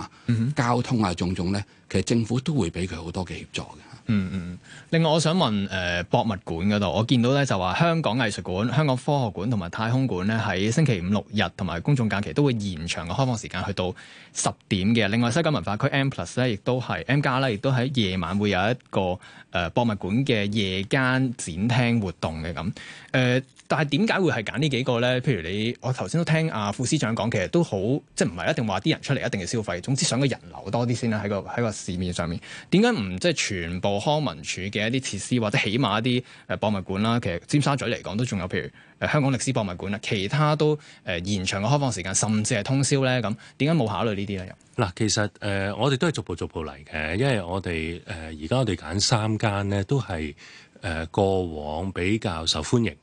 交通啊，種種咧，其實政府都會俾佢好多嘅協助嘅。嗯嗯，另外我想問誒、呃、博物館度，我見到咧就話香港藝術館、香港科學館同埋太空館咧，喺星期五六日同埋公眾假期都會延長嘅開放時間，去到十點嘅。另外西九文化區 M Plus 咧亦都係 M 加啦，亦都喺夜晚會有一個誒、呃、博物館嘅夜間展廳活動嘅咁。誒、呃，但係點解會係揀呢幾個咧？譬如你我頭先都聽阿副司長講，其實都好即係唔係一定話啲人出嚟一定要消費，總之想個人流多啲先啦。喺個喺個市面上面，點解唔即係全部。康文署嘅一啲設施，或者起碼一啲誒博物館啦，其實尖沙咀嚟講都仲有，譬如誒香港歷史博物館啦，其他都誒延長嘅開放時間，甚至係通宵咧。咁點解冇考慮呢啲咧？嗱，其實誒我哋都係逐步逐步嚟嘅，因為我哋誒而家我哋揀三間咧，都係誒過往比較受歡迎，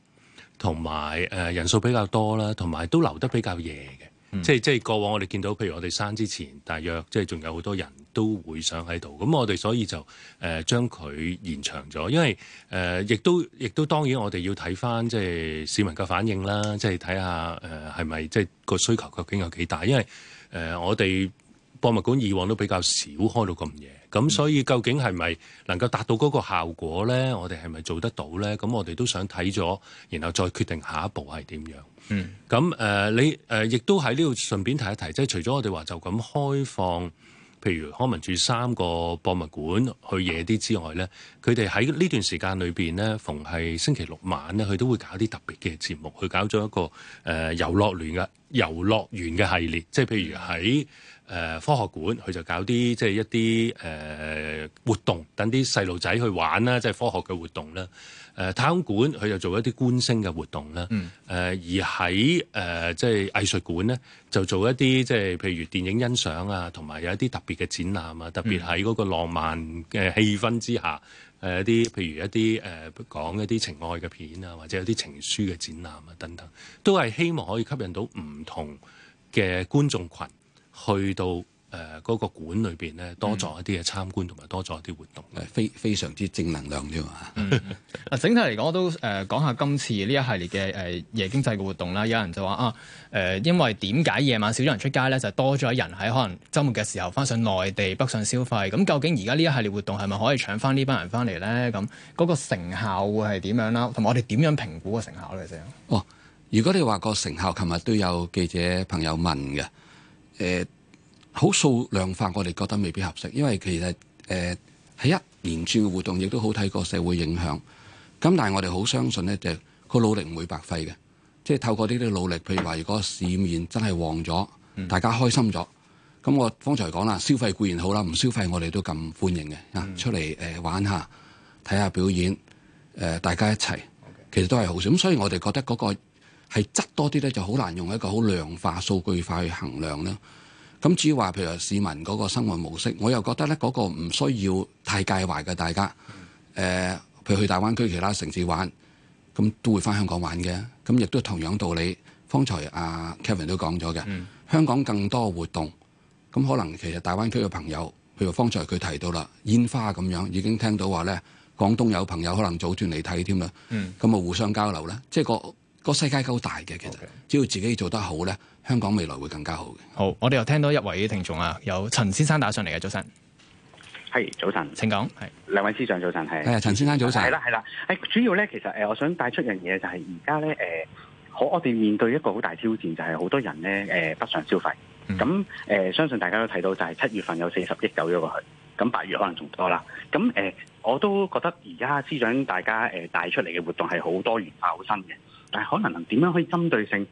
同埋誒人數比較多啦，同埋都留得比較夜嘅。嗯、即係即係過往我哋見到，譬如我哋閂之前，大約即係仲有好多人都會上喺度。咁我哋所以就誒將佢延長咗，因為誒亦、呃、都亦都當然我哋要睇翻即係市民嘅反應啦，即係睇下誒係咪即係個需求究竟有幾大？因為誒、呃、我哋博物館以往都比較少開到咁夜。咁所以究竟係咪能夠達到嗰個效果咧？我哋係咪做得到咧？咁我哋都想睇咗，然後再決定下一步係點樣。嗯。咁誒、呃，你誒亦、呃、都喺呢度順便提一提，即係除咗我哋話就咁開放，譬如康文署三個博物館去夜啲之外咧，佢哋喺呢段時間裏邊咧，逢係星期六晚咧，佢都會搞啲特別嘅節目，去搞咗一個誒遊樂園嘅遊樂園嘅系列，即係譬如喺。誒科學館佢就搞啲即係一啲誒活動，等啲細路仔去玩啦，即係科學嘅活動啦。誒太空館佢就做一啲觀星嘅活動啦。誒、嗯呃、而喺誒即係藝術館呢，就做一啲即係譬如電影欣賞啊，同埋有一啲特別嘅展覽啊。特別喺嗰個浪漫嘅氣氛之下，誒一啲譬如一啲誒講一啲情愛嘅片啊，或者有啲情書嘅展覽啊，等等，都係希望可以吸引到唔同嘅觀眾群。去到誒嗰、呃那個館裏邊咧，多做一啲嘅參觀，同、嗯、埋多做一啲活動，係、嗯、非非常之正能量啫嘛。嗱、嗯， <laughs> 整體嚟講，我都誒、呃、講下今次呢一系列嘅誒、呃、夜經濟嘅活動啦。有人就話啊，誒、呃，因為點解夜晚少咗人出街咧，就是、多咗人喺可能周末嘅時候翻上內地北上消費。咁究竟而家呢一系列活動係咪可以搶翻呢班人翻嚟咧？咁嗰個成效會係點樣啦？同埋我哋點樣評估個成效咧？就哦，如果你話個成效，琴日都有記者朋友問嘅。誒、呃、好數量化，我哋覺得未必合適，因為其實誒喺、呃、一連串嘅活動，亦都好睇個社會影響。咁但係我哋好相信呢就個、係、努力唔會白費嘅，即係透過呢啲努力，譬如話如果市面真係旺咗，嗯、大家開心咗，咁我方才講啦，消費固然好啦，唔消費我哋都咁歡迎嘅，嗯、出嚟、呃、玩下睇下表演、呃，大家一齊，其實都係好少，所以我哋覺得嗰、嗰個。係質多啲咧，就好難用一個好量化數據化去衡量啦。咁至於話譬如市民嗰個生活模式，我又覺得咧嗰個唔需要太介懷嘅大家。誒、嗯呃，譬如去大灣區其他城市玩，咁都會翻香港玩嘅。咁亦都同樣道理。方才阿、啊、Kevin 都講咗嘅，香港更多活動，咁可能其實大灣區嘅朋友，譬如方才佢提到啦，煙花咁樣，已經聽到話咧，廣東有朋友可能組團嚟睇添啦。咁、嗯、啊互相交流呢？即係個。個世界夠大嘅，其實只要自己做得好咧，okay. 香港未來會更加好嘅。好，我哋又聽到一位聽眾啊，有陳先生打上嚟嘅，早晨，係、hey, 早晨，請講。係兩位司長早晨，係、hey, 陳先生早晨。係啦，係啦。係主要咧，其實誒，我想帶出樣嘢就係而家咧誒，好、呃，我哋面對一個好大挑戰，就係、是、好多人咧誒、呃、北上消費。咁、mm. 誒、呃，相信大家都睇到就係七月份有四十億走咗過去，咁八月可能仲多啦。咁誒、呃，我都覺得而家司長大家誒帶出嚟嘅活動係好多元化，好新嘅。但可能點樣可以針對性，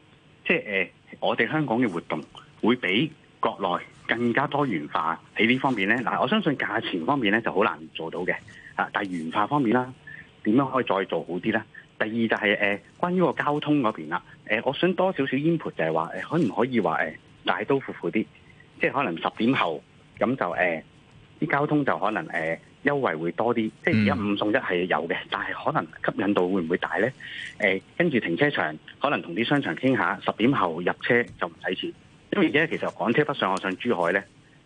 即係誒我哋香港嘅活動會比國內更加多元化喺呢方面咧。嗱、呃，我相信價錢方面咧就好難做到嘅啊。但係多元化方面啦，點樣可以再做好啲咧？第二就係、是、誒、呃、關於個交通嗰邊啦。誒、呃，我想多少少 input 就係話誒，可唔可以話誒、呃、大刀闊斧啲？即、就、係、是、可能十點後咁就誒啲、呃、交通就可能誒。呃優惠會多啲，即係而家五送一係有嘅、嗯，但係可能吸引度會唔會大呢？誒、呃，跟住停車場可能同啲商場傾下，十點後入車就唔使錢。因為而家其實港車北上我上珠海呢，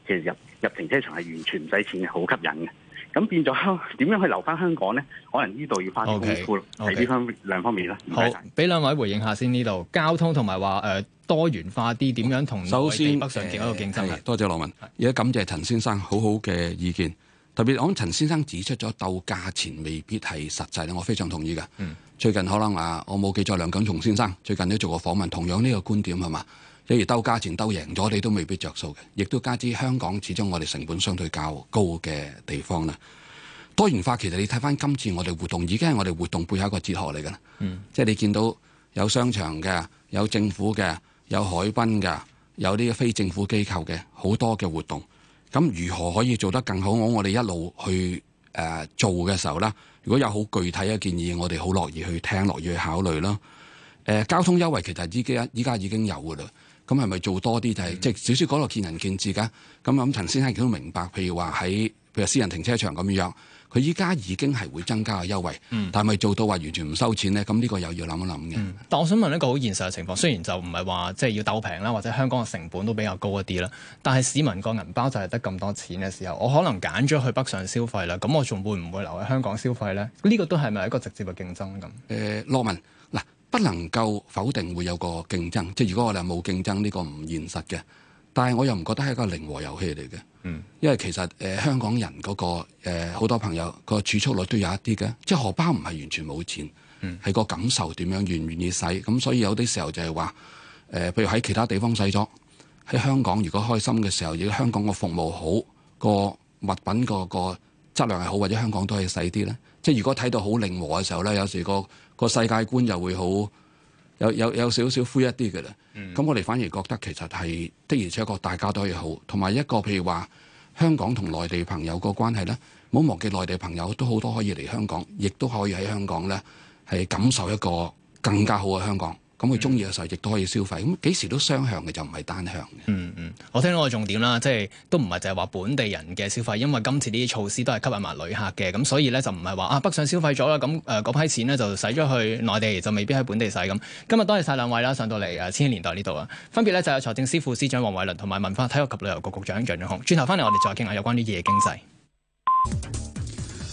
其實入入停車場係完全唔使錢嘅，好吸引嘅。咁變咗點樣去留翻香港呢？可能呢度要花功夫咯，係、okay，呢方面、okay. 兩方面啦。好，俾兩位回應一下先，呢度交通同埋話誒多元化啲點樣同外地北上嘅一個競爭、呃、多謝羅文，而家感謝陳先生好好嘅意見。特別，我陳先生指出咗鬥價錢未必係實際咧，我非常同意嘅。嗯。最近可能啊，我冇記錯，梁錦松先生最近都做過訪問，同樣呢個觀點係嘛？譬如鬥價錢鬥贏咗，你都未必着數嘅，亦都加之香港始終我哋成本相對較高嘅地方啦。多元化其實你睇翻今次我哋活動，已經係我哋活動背後一個哲學嚟㗎。嗯，即係你見到有商場嘅、有政府嘅、有海濱嘅、有呢個非政府機構嘅好多嘅活動。咁如何可以做得更好？我我哋一路去誒、呃、做嘅時候啦，如果有好具體嘅建議，我哋好樂意去聽，樂意去考慮囉。誒、呃、交通優惠其實依家依家已經有嘅啦，咁係咪做多啲、嗯、就係即係少少嗰度見仁見智㗎。咁我諗陳先生亦都明白，譬如話喺譬如私人停車場咁樣。佢依家已經係會增加個優惠，嗯、但係咪做到話完全唔收錢咧？咁呢個又要諗一諗嘅、嗯。但我想問一個好現實嘅情況，雖然就唔係話即係要鬥平啦，或者香港嘅成本都比較高一啲啦，但係市民個銀包就係得咁多錢嘅時候，我可能揀咗去北上消費啦，咁我仲會唔會留喺香港消費咧？呢、呢個都係咪一個直接嘅競爭咁誒、嗯，羅文嗱，不能夠否定會有個競爭，即係如果我哋冇競爭呢、呢個唔現實嘅。但係我又唔覺得係一個零和遊戲嚟嘅、嗯，因為其實誒、呃、香港人嗰、那個好、呃、多朋友個儲蓄率都有一啲嘅，即係荷包唔係完全冇錢，係、嗯、個感受點樣願唔願意使，咁所以有啲時候就係話誒，譬如喺其他地方使咗，喺香港如果開心嘅時候，如果香港個服務好，個物品個個質量係好，或者香港都係使啲咧，即係如果睇到好零和嘅時候咧，有時、那個、那個世界觀就會好有有有少少灰一啲嘅啦。咁我哋反而覺得其實係的而且確大家都係好，同埋一個譬如話香港同內地朋友個關係呢，唔好忘記內地朋友都好多可以嚟香港，亦都可以喺香港呢係感受一個更加好嘅香港。咁佢中意嘅時候亦都可以消費，咁幾時都雙向嘅，就唔係單向。嗯嗯，我聽到個重點啦，即係都唔係淨係話本地人嘅消費，因為今次呢啲措施都係吸引埋旅客嘅，咁所以咧就唔係話啊北上消費咗啦，咁誒嗰批錢咧就使咗去內地，就未必喺本地使咁。今日多謝晒兩位啦，上到嚟啊千禧年代呢度啊，分別咧就是、有財政司副司長黃偉綸同埋文化體育及旅遊局局長楊潤雄。轉頭翻嚟，我哋再傾下有關於夜經濟。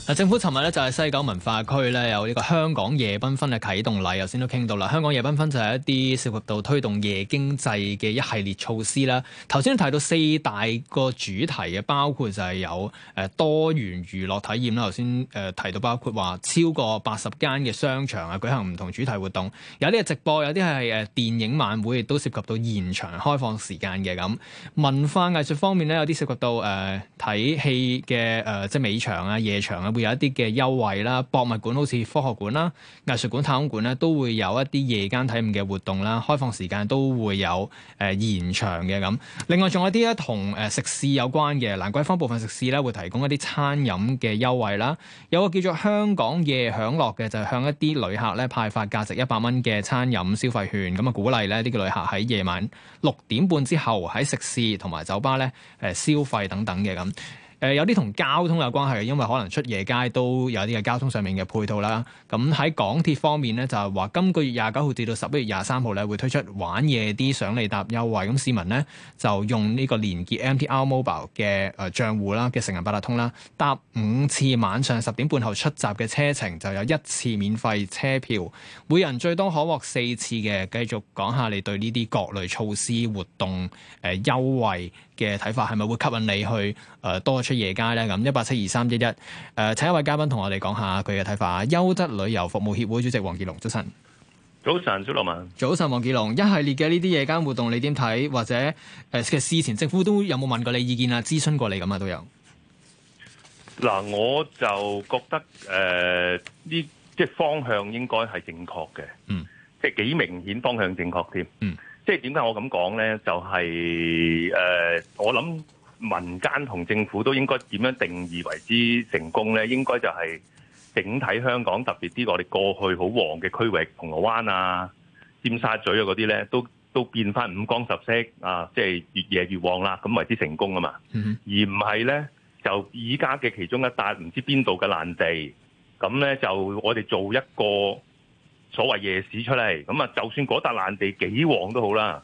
嗱，政府尋日咧就係西九文化區咧有呢個香港夜繽紛嘅啟動禮，頭先都傾到啦。香港夜繽紛就係一啲涉及到推動夜經濟嘅一系列措施啦。頭先提到四大個主題嘅，包括就係有多元娛樂體驗啦。頭先誒提到包括話超過八十間嘅商場啊舉行唔同主題活動，有啲係直播，有啲係電影晚會，亦都涉及到現場開放時間嘅咁。文化藝術方面咧，有啲涉及到呃、睇戲嘅、呃、即係美場啊、夜場啊。會有一啲嘅優惠啦，博物館好似科學館啦、藝術館、太空館咧，都會有一啲夜間體驗嘅活動啦，開放時間都會有誒、呃、延長嘅咁。另外仲有啲咧同誒食肆有關嘅，蘭桂坊部分食肆咧會提供一啲餐飲嘅優惠啦。有個叫做香港夜享樂嘅，就係、是、向一啲旅客咧派發價值一百蚊嘅餐飲消費券，咁啊鼓勵咧呢啲旅客喺夜晚六點半之後喺食肆同埋酒吧咧誒、呃、消費等等嘅咁。誒、呃、有啲同交通有關係嘅，因為可能出夜街都有啲嘅交通上面嘅配套啦。咁喺港鐵方面咧，就係話今個月廿九號至到十一月廿三號咧，會推出玩夜啲上嚟搭優惠。咁市民咧就用呢個連結 MTR Mobile 嘅誒賬戶啦嘅成人八達通啦，搭五次晚上十點半後出閘嘅車程，就有一次免費車票，每人最多可獲四次嘅。繼續講下你對呢啲各類措施活動誒優、呃、惠。嘅睇法係咪會吸引你去誒、呃、多出夜街咧？咁一八七二三一一誒，請一位嘉賓同我哋講下佢嘅睇法。優質旅遊服務協會主席黃傑龍早晨，早晨，早晨，黃傑龍，一系列嘅呢啲夜間活動你點睇？或者誒，其、呃、事前政府都有冇問過你意見啊？諮詢過你咁啊？都有。嗱，我就覺得誒呢、呃，即係方向應該係正確嘅，嗯，即係幾明顯方向正確添，嗯。即係點解我咁講呢？就係、是、誒、呃，我諗民間同政府都應該點樣定義為之成功呢？應該就係整體香港特別啲，我哋過去好旺嘅區域，銅鑼灣啊、尖沙咀啊嗰啲呢，都都變翻五光十色啊！即、就、係、是、越夜越旺啦，咁為之成功啊嘛。嗯、而唔係呢，就依家嘅其中一笪唔知邊度嘅爛地，咁呢，就我哋做一個，所謂夜市出嚟，咁啊，就算嗰笪爛地幾旺都好啦。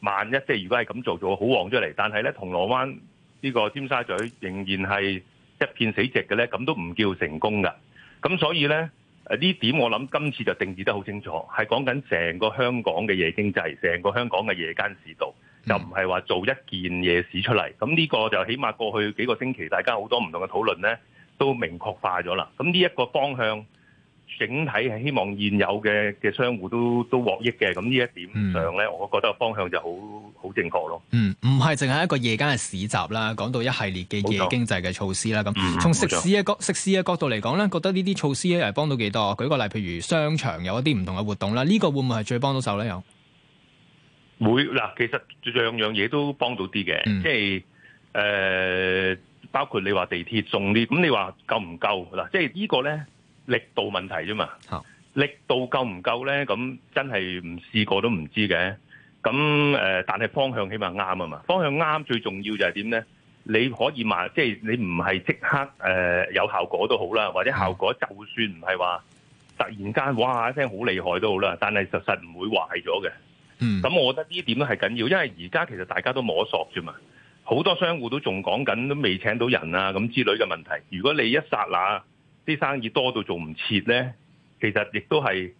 萬一即係如果係咁做，做好旺出嚟，但係咧銅鑼灣呢個尖沙咀仍然係一片死寂嘅咧，咁都唔叫成功㗎。咁所以咧，啊、呢點我諗今次就定義得好清楚，係講緊成個香港嘅夜經濟，成個香港嘅夜間市道，嗯、就唔係話做一件夜市出嚟。咁呢個就起碼過去幾個星期，大家好多唔同嘅討論咧，都明確化咗啦。咁呢一個方向。整體係希望現有嘅嘅商戶都都獲益嘅，咁呢一點上咧、嗯，我覺得方向就好好正確咯。嗯，唔係淨係一個夜間嘅市集啦，講到一系列嘅夜經濟嘅措施啦，咁從食肆嘅角食肆嘅角度嚟講咧，覺得呢啲措施係幫到幾多少？舉個例，譬如商場有一啲唔同嘅活動啦，呢、這個會唔會係最幫到手咧？有會嗱，其實樣樣嘢都幫到啲嘅、嗯，即係誒、呃，包括你話地鐵縱啲，咁你話夠唔夠嗱？即係呢個咧。力度問題啫嘛，力度夠唔夠咧？咁真係唔試過都唔知嘅。咁、呃、但係方向起碼啱啊嘛。方向啱最重要就係點咧？你可以慢，即係你唔係即刻、呃、有效果都好啦，或者效果就算唔係話突然間哇一聲好厲害都好啦，但係實實唔會壞咗嘅。嗯，咁我覺得呢點都係緊要，因為而家其實大家都摸索啫嘛，好多商戶都仲講緊都未請到人啊咁之類嘅問題。如果你一剎那，啲生意多到做唔切咧，其實亦都係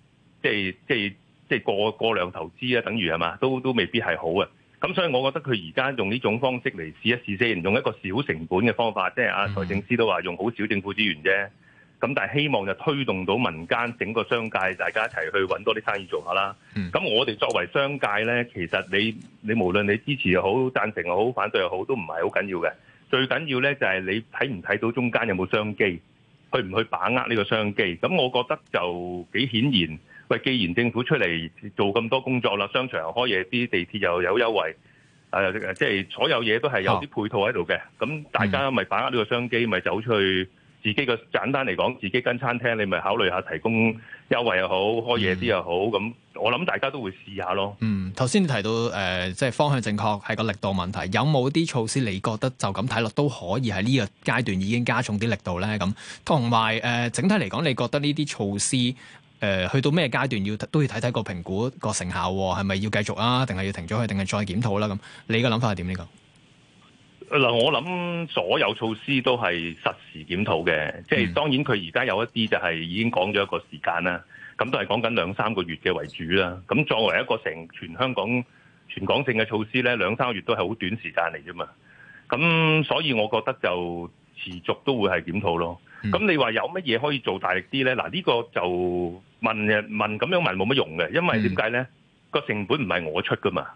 即係即係即係過過量投資啊，等於係嘛，都都未必係好嘅。咁所以我覺得佢而家用呢種方式嚟試一試先，用一個小成本嘅方法，即係啊財政司都話用好少政府資源啫。咁但係希望就推動到民間整個商界，大家一齊去搵多啲生意做下啦。咁、嗯、我哋作為商界咧，其實你你無論你支持又好，贊成又好，反對又好，都唔係好緊要嘅。最緊要咧就係你睇唔睇到中間有冇商機。佢唔去把握呢個商機，咁我覺得就幾顯然。喂，既然政府出嚟做咁多工作啦，商場又開嘢，啲地鐵又有優惠，呃、即係所有嘢都係有啲配套喺度嘅。咁、哦、大家咪把握呢個商機，咪走出去、嗯、自己個簡單嚟講，自己間餐廳，你咪考慮下提供。優惠又好，開夜啲又好，咁、嗯、我諗大家都會試下咯。嗯，頭先你提到、呃、即係方向正確，係個力度問題，有冇啲措施？你覺得就咁睇落都可以喺呢個階段已經加重啲力度咧？咁同埋整體嚟講，你覺得呢啲措施、呃、去到咩階段要都要睇睇個評估、個成效、啊，係咪要繼續啊？定係要停咗佢？定係再檢討啦、啊？咁你嘅諗法係點呢個？嗱，我諗所有措施都係實時檢討嘅，即係當然佢而家有一啲就係已經講咗一個時間啦，咁都係講緊兩三個月嘅為主啦。咁作為一個成全香港全港性嘅措施咧，兩三個月都係好短時間嚟啫嘛。咁所以我覺得就持續都會係檢討咯。咁你話有乜嘢可以做大力啲咧？嗱，呢個就問人問咁樣問冇乜用嘅，因為點解咧？個成本唔係我出噶嘛。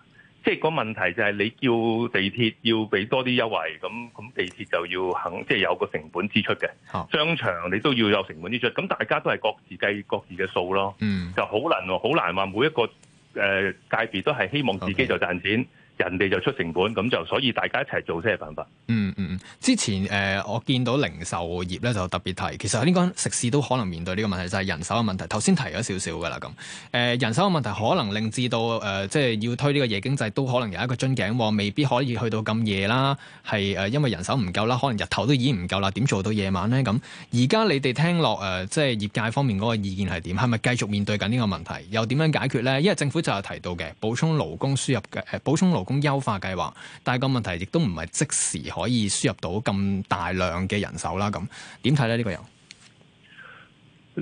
即係個問題就係你叫地鐵要俾多啲優惠，咁咁地鐵就要肯即係、就是、有個成本支出嘅，商場你都要有成本支出，咁大家都係各自計各自嘅數咯，嗯、就好難好難話每一個誒、呃、界別都係希望自己就賺錢。Okay. 人哋就出成本，咁就所以大家一齊做先係辦法。嗯嗯嗯，之前誒、呃、我見到零售業咧就特別提，其實喺呢間食肆都可能面對呢個問題，就係、是、人手嘅問題。頭先提咗少少噶啦，咁、呃、誒人手嘅問題可能令至到誒、呃，即係要推呢個夜經濟都可能有一個樽頸、哦，未必可以去到咁夜啦。係誒、呃，因為人手唔夠啦，可能日頭都已經唔夠啦，點做到夜晚咧？咁而家你哋聽落誒、呃，即係業界方面嗰個意見是，係點？係咪繼續面對緊呢個問題？又點樣解決咧？因為政府就係提到嘅，補充勞工輸入嘅誒，補充勞。呃咁優化計劃，但係個問題亦都唔係即時可以輸入到咁大量嘅人手啦。咁點睇咧？呢個人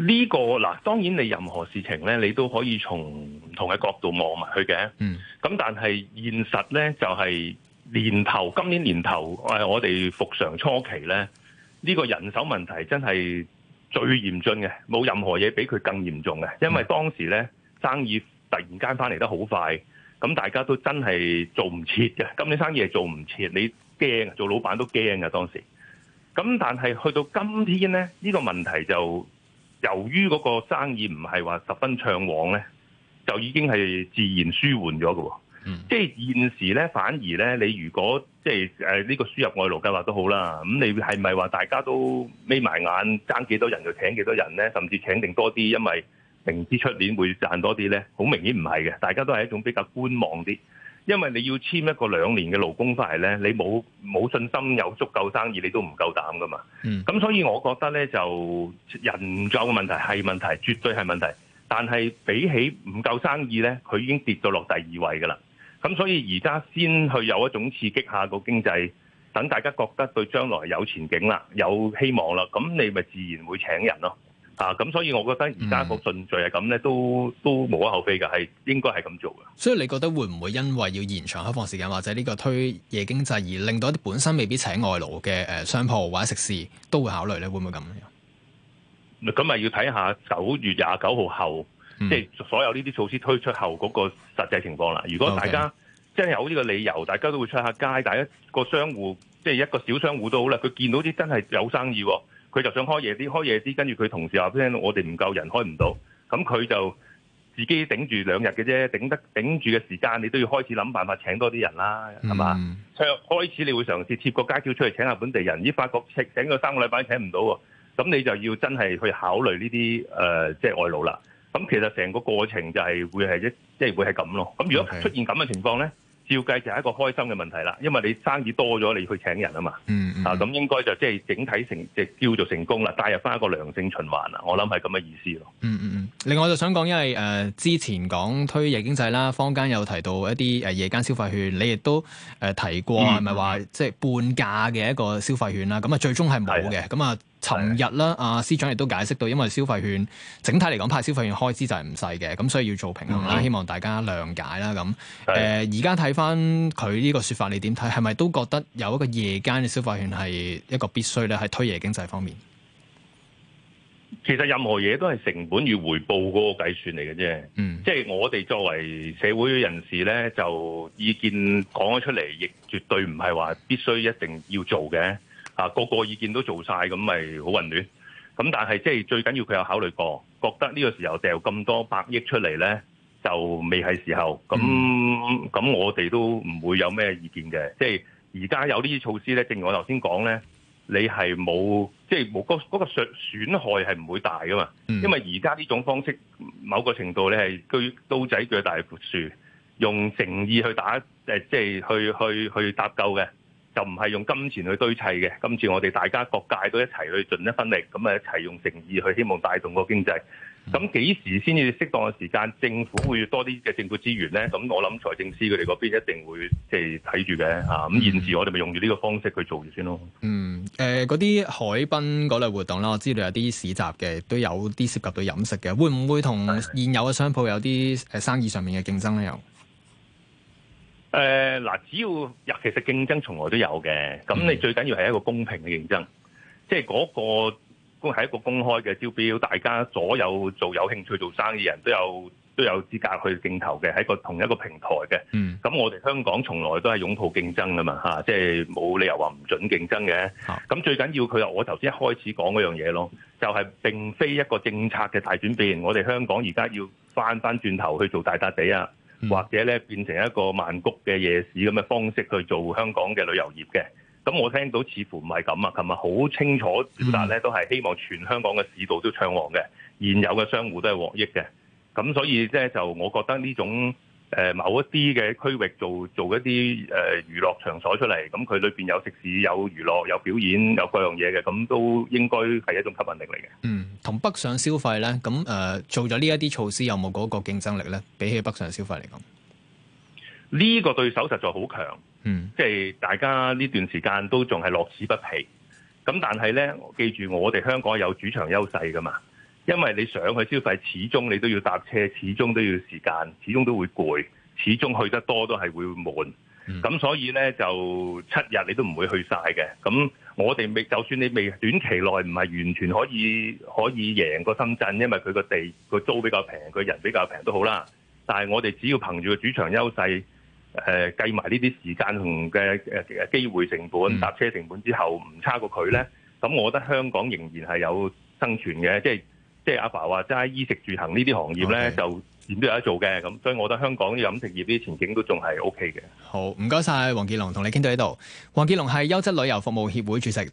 呢個嗱，當然你任何事情咧，你都可以從唔同嘅角度望埋去嘅。嗯，咁但係現實咧就係年頭，今年年頭，誒,我哋復常初期咧，呢個人手問題真係最嚴峻嘅，冇任何嘢比佢更嚴重嘅，因為當時咧生意突然間翻嚟得好快。咁大家都真係做唔切嘅，今年生意係做唔切，你驚，做老闆都驚㗎。當時。咁但係去到今天咧，呢個問題就由於嗰個生意唔係話十分暢旺咧，就已經係自然舒緩咗㗎喎。即係現時咧，反而咧，你如果即係呃呢個輸入外勞計劃都好啦，咁你係咪話大家都眯埋眼爭幾多人就請幾多人咧？甚至請定多啲，因為，明知出年會賺多啲呢，好明顯唔係嘅，大家都係一種比較觀望啲，因為你要簽一個兩年嘅勞工翻嚟呢，你冇冇信心有足夠生意，你都唔夠膽噶嘛。咁、嗯、所以我覺得呢，就人唔夠嘅問題係問題，絕對係問題。但係比起唔夠生意呢，佢已經跌到落第二位噶啦。咁所以而家先去有一種刺激下個經濟，等大家覺得對將來有前景啦，有希望啦，咁你咪自然會請人咯。啊，咁所以我覺得而家個順序係咁咧，都都無可厚非嘅，係應該係咁做嘅。所以你覺得會唔會因為要延長開放時間或者呢個推夜經濟而令到啲本身未必請外勞嘅誒商鋪或者食肆都會考慮咧？會唔會咁樣？咁咪要睇下九月廿九號後，即、嗯、係、即係、所有呢啲措施推出後嗰個實際情況啦。如果大家、okay. 真係有呢個理由，大家都會出下街，大家一個商戶即係、即係、一個小商戶都好啦，佢見到啲真係有生意喎。佢就想開夜啲，開夜啲，跟住佢同事話俾聽我哋唔夠人開唔到，咁佢就自己頂住兩日嘅啫，頂得頂住嘅時間，你都要開始諗辦法請多啲人啦，係、嗯、嘛？嘗開始你會嘗試貼個街招出嚟請下本地人，咦，發覺請請咗三個禮拜請唔到喎，咁你就要真係去考慮呢啲誒，即、呃、係、就是、外勞啦。咁其實成個過程就係會係一即係會係咁咯。咁如果出現咁嘅情況咧？Okay. 照計就係一個開心嘅問題啦，因為你生意多咗，你去請人啊嘛。嗯嗯。啊，咁應該就即係整體成，即係叫做成功啦，帶入翻一個良性循環啦。我諗係咁嘅意思咯。嗯嗯嗯。另外我就想講，因為誒、呃、之前講推夜經濟啦，坊間有提到一啲誒夜間消費券，你亦都誒提過，係咪話即係半價嘅一個消費券啦？咁啊，最終係冇嘅。咁啊。尋日啦，阿、啊、司長亦都解釋到，因為消費券整體嚟講，派消費券開支就係唔細嘅，咁所以要做平衡啦，希望大家諒解啦。咁誒，而家睇翻佢呢個説法，你點睇？係咪都覺得有一個夜間嘅消費券係一個必須咧，係推夜的經濟方面？其實任何嘢都係成本與回報嗰個計算嚟嘅啫。嗯，即、就、係、是、我哋作為社會嘅人士咧，就意見講咗出嚟，亦絕對唔係話必須一定要做嘅。啊！個個意見都做晒，咁咪好混亂。咁但係即係最緊要佢有考慮過，覺得呢個時候掉咁多百億出嚟咧，就未係時候。咁咁、嗯、我哋都唔會有咩意見嘅。即係而家有呢啲措施咧，正如我頭先講咧，你係冇即係冇個嗰個損害係唔會大㗎嘛、嗯。因為而家呢種方式，某個程度你係居刀仔鋸大樹，用誠意去打即係、就是、去去去，去搭救嘅。就唔係用金錢去堆砌嘅，今次我哋大家各界都一齊去盡一分力，咁啊一齊用誠意去希望帶動個經濟。咁幾時先至適當嘅時間，政府會多啲嘅政府資源呢？咁我諗財政司佢哋嗰邊一定會即係睇住嘅嚇。咁、啊、現時我哋咪用住呢個方式去做住先咯。嗯，嗰、呃、啲海濱嗰類活動啦，我知道有啲市集嘅，都有啲涉及到飲食嘅，會唔會同現有嘅商鋪有啲誒生意上面嘅競爭呢？又？誒、呃、嗱，只要其實競爭從來都有嘅，咁你最緊要係一個公平嘅競爭，即係嗰個公係一個公開嘅招標。大家所有做有興趣做生意人都有都有資格去競投嘅，喺個同一個平台嘅。嗯，咁我哋香港從來都係擁抱競爭㗎嘛，嚇、啊，即係冇理由話唔準競爭嘅。咁最緊要佢我頭先一開始講嗰樣嘢咯，就係、是、並非一個政策嘅大轉變，我哋香港而家要翻翻轉頭去做大笪地啊！或者咧變成一個曼谷嘅夜市咁嘅方式去做香港嘅旅遊業嘅，咁我聽到似乎唔係咁啊，琴日好清楚呢，表達咧都係希望全香港嘅市道都暢旺嘅，現有嘅商戶都係獲益嘅，咁所以即係就我覺得呢種。誒、呃、某一啲嘅區域做做一啲誒、呃、娛樂場所出嚟，咁佢裏邊有食肆、有娛樂、有表演、有各樣嘢嘅，咁都應該係一種吸引力嚟嘅。嗯，同北上消費咧，咁誒、呃、做咗呢一啲措施，有冇嗰個競爭力咧？比起北上消費嚟講，呢、這個對手實在好強。嗯，即、就、係、是、大家呢段時間都仲係樂此不疲。咁但係咧，記住我哋香港有主場優勢㗎嘛。因為你上去消費，始終你都要搭車，始終都要時間，始終都會攰，始終去得多都係會悶。咁、嗯、所以呢，就七日你都唔會去晒嘅。咁我哋未就算你未短期內唔係完全可以可以贏過深圳，因為佢個地個租比較平，佢人比較平都好啦。但係我哋只要憑住個主場優勢，誒計埋呢啲時間同嘅誒機會成本、搭、嗯、車成本之後，唔差過佢呢。咁、嗯、我覺得香港仍然係有生存嘅，即係即係阿爸話齋，衣食住行呢啲行業咧、okay，就點都有得做嘅，咁所以我覺得香港啲飲食業啲前景都仲係 O K 嘅。好，唔該晒，黃傑龍同你傾到呢度。黃傑龍係優質旅遊服務協會主席。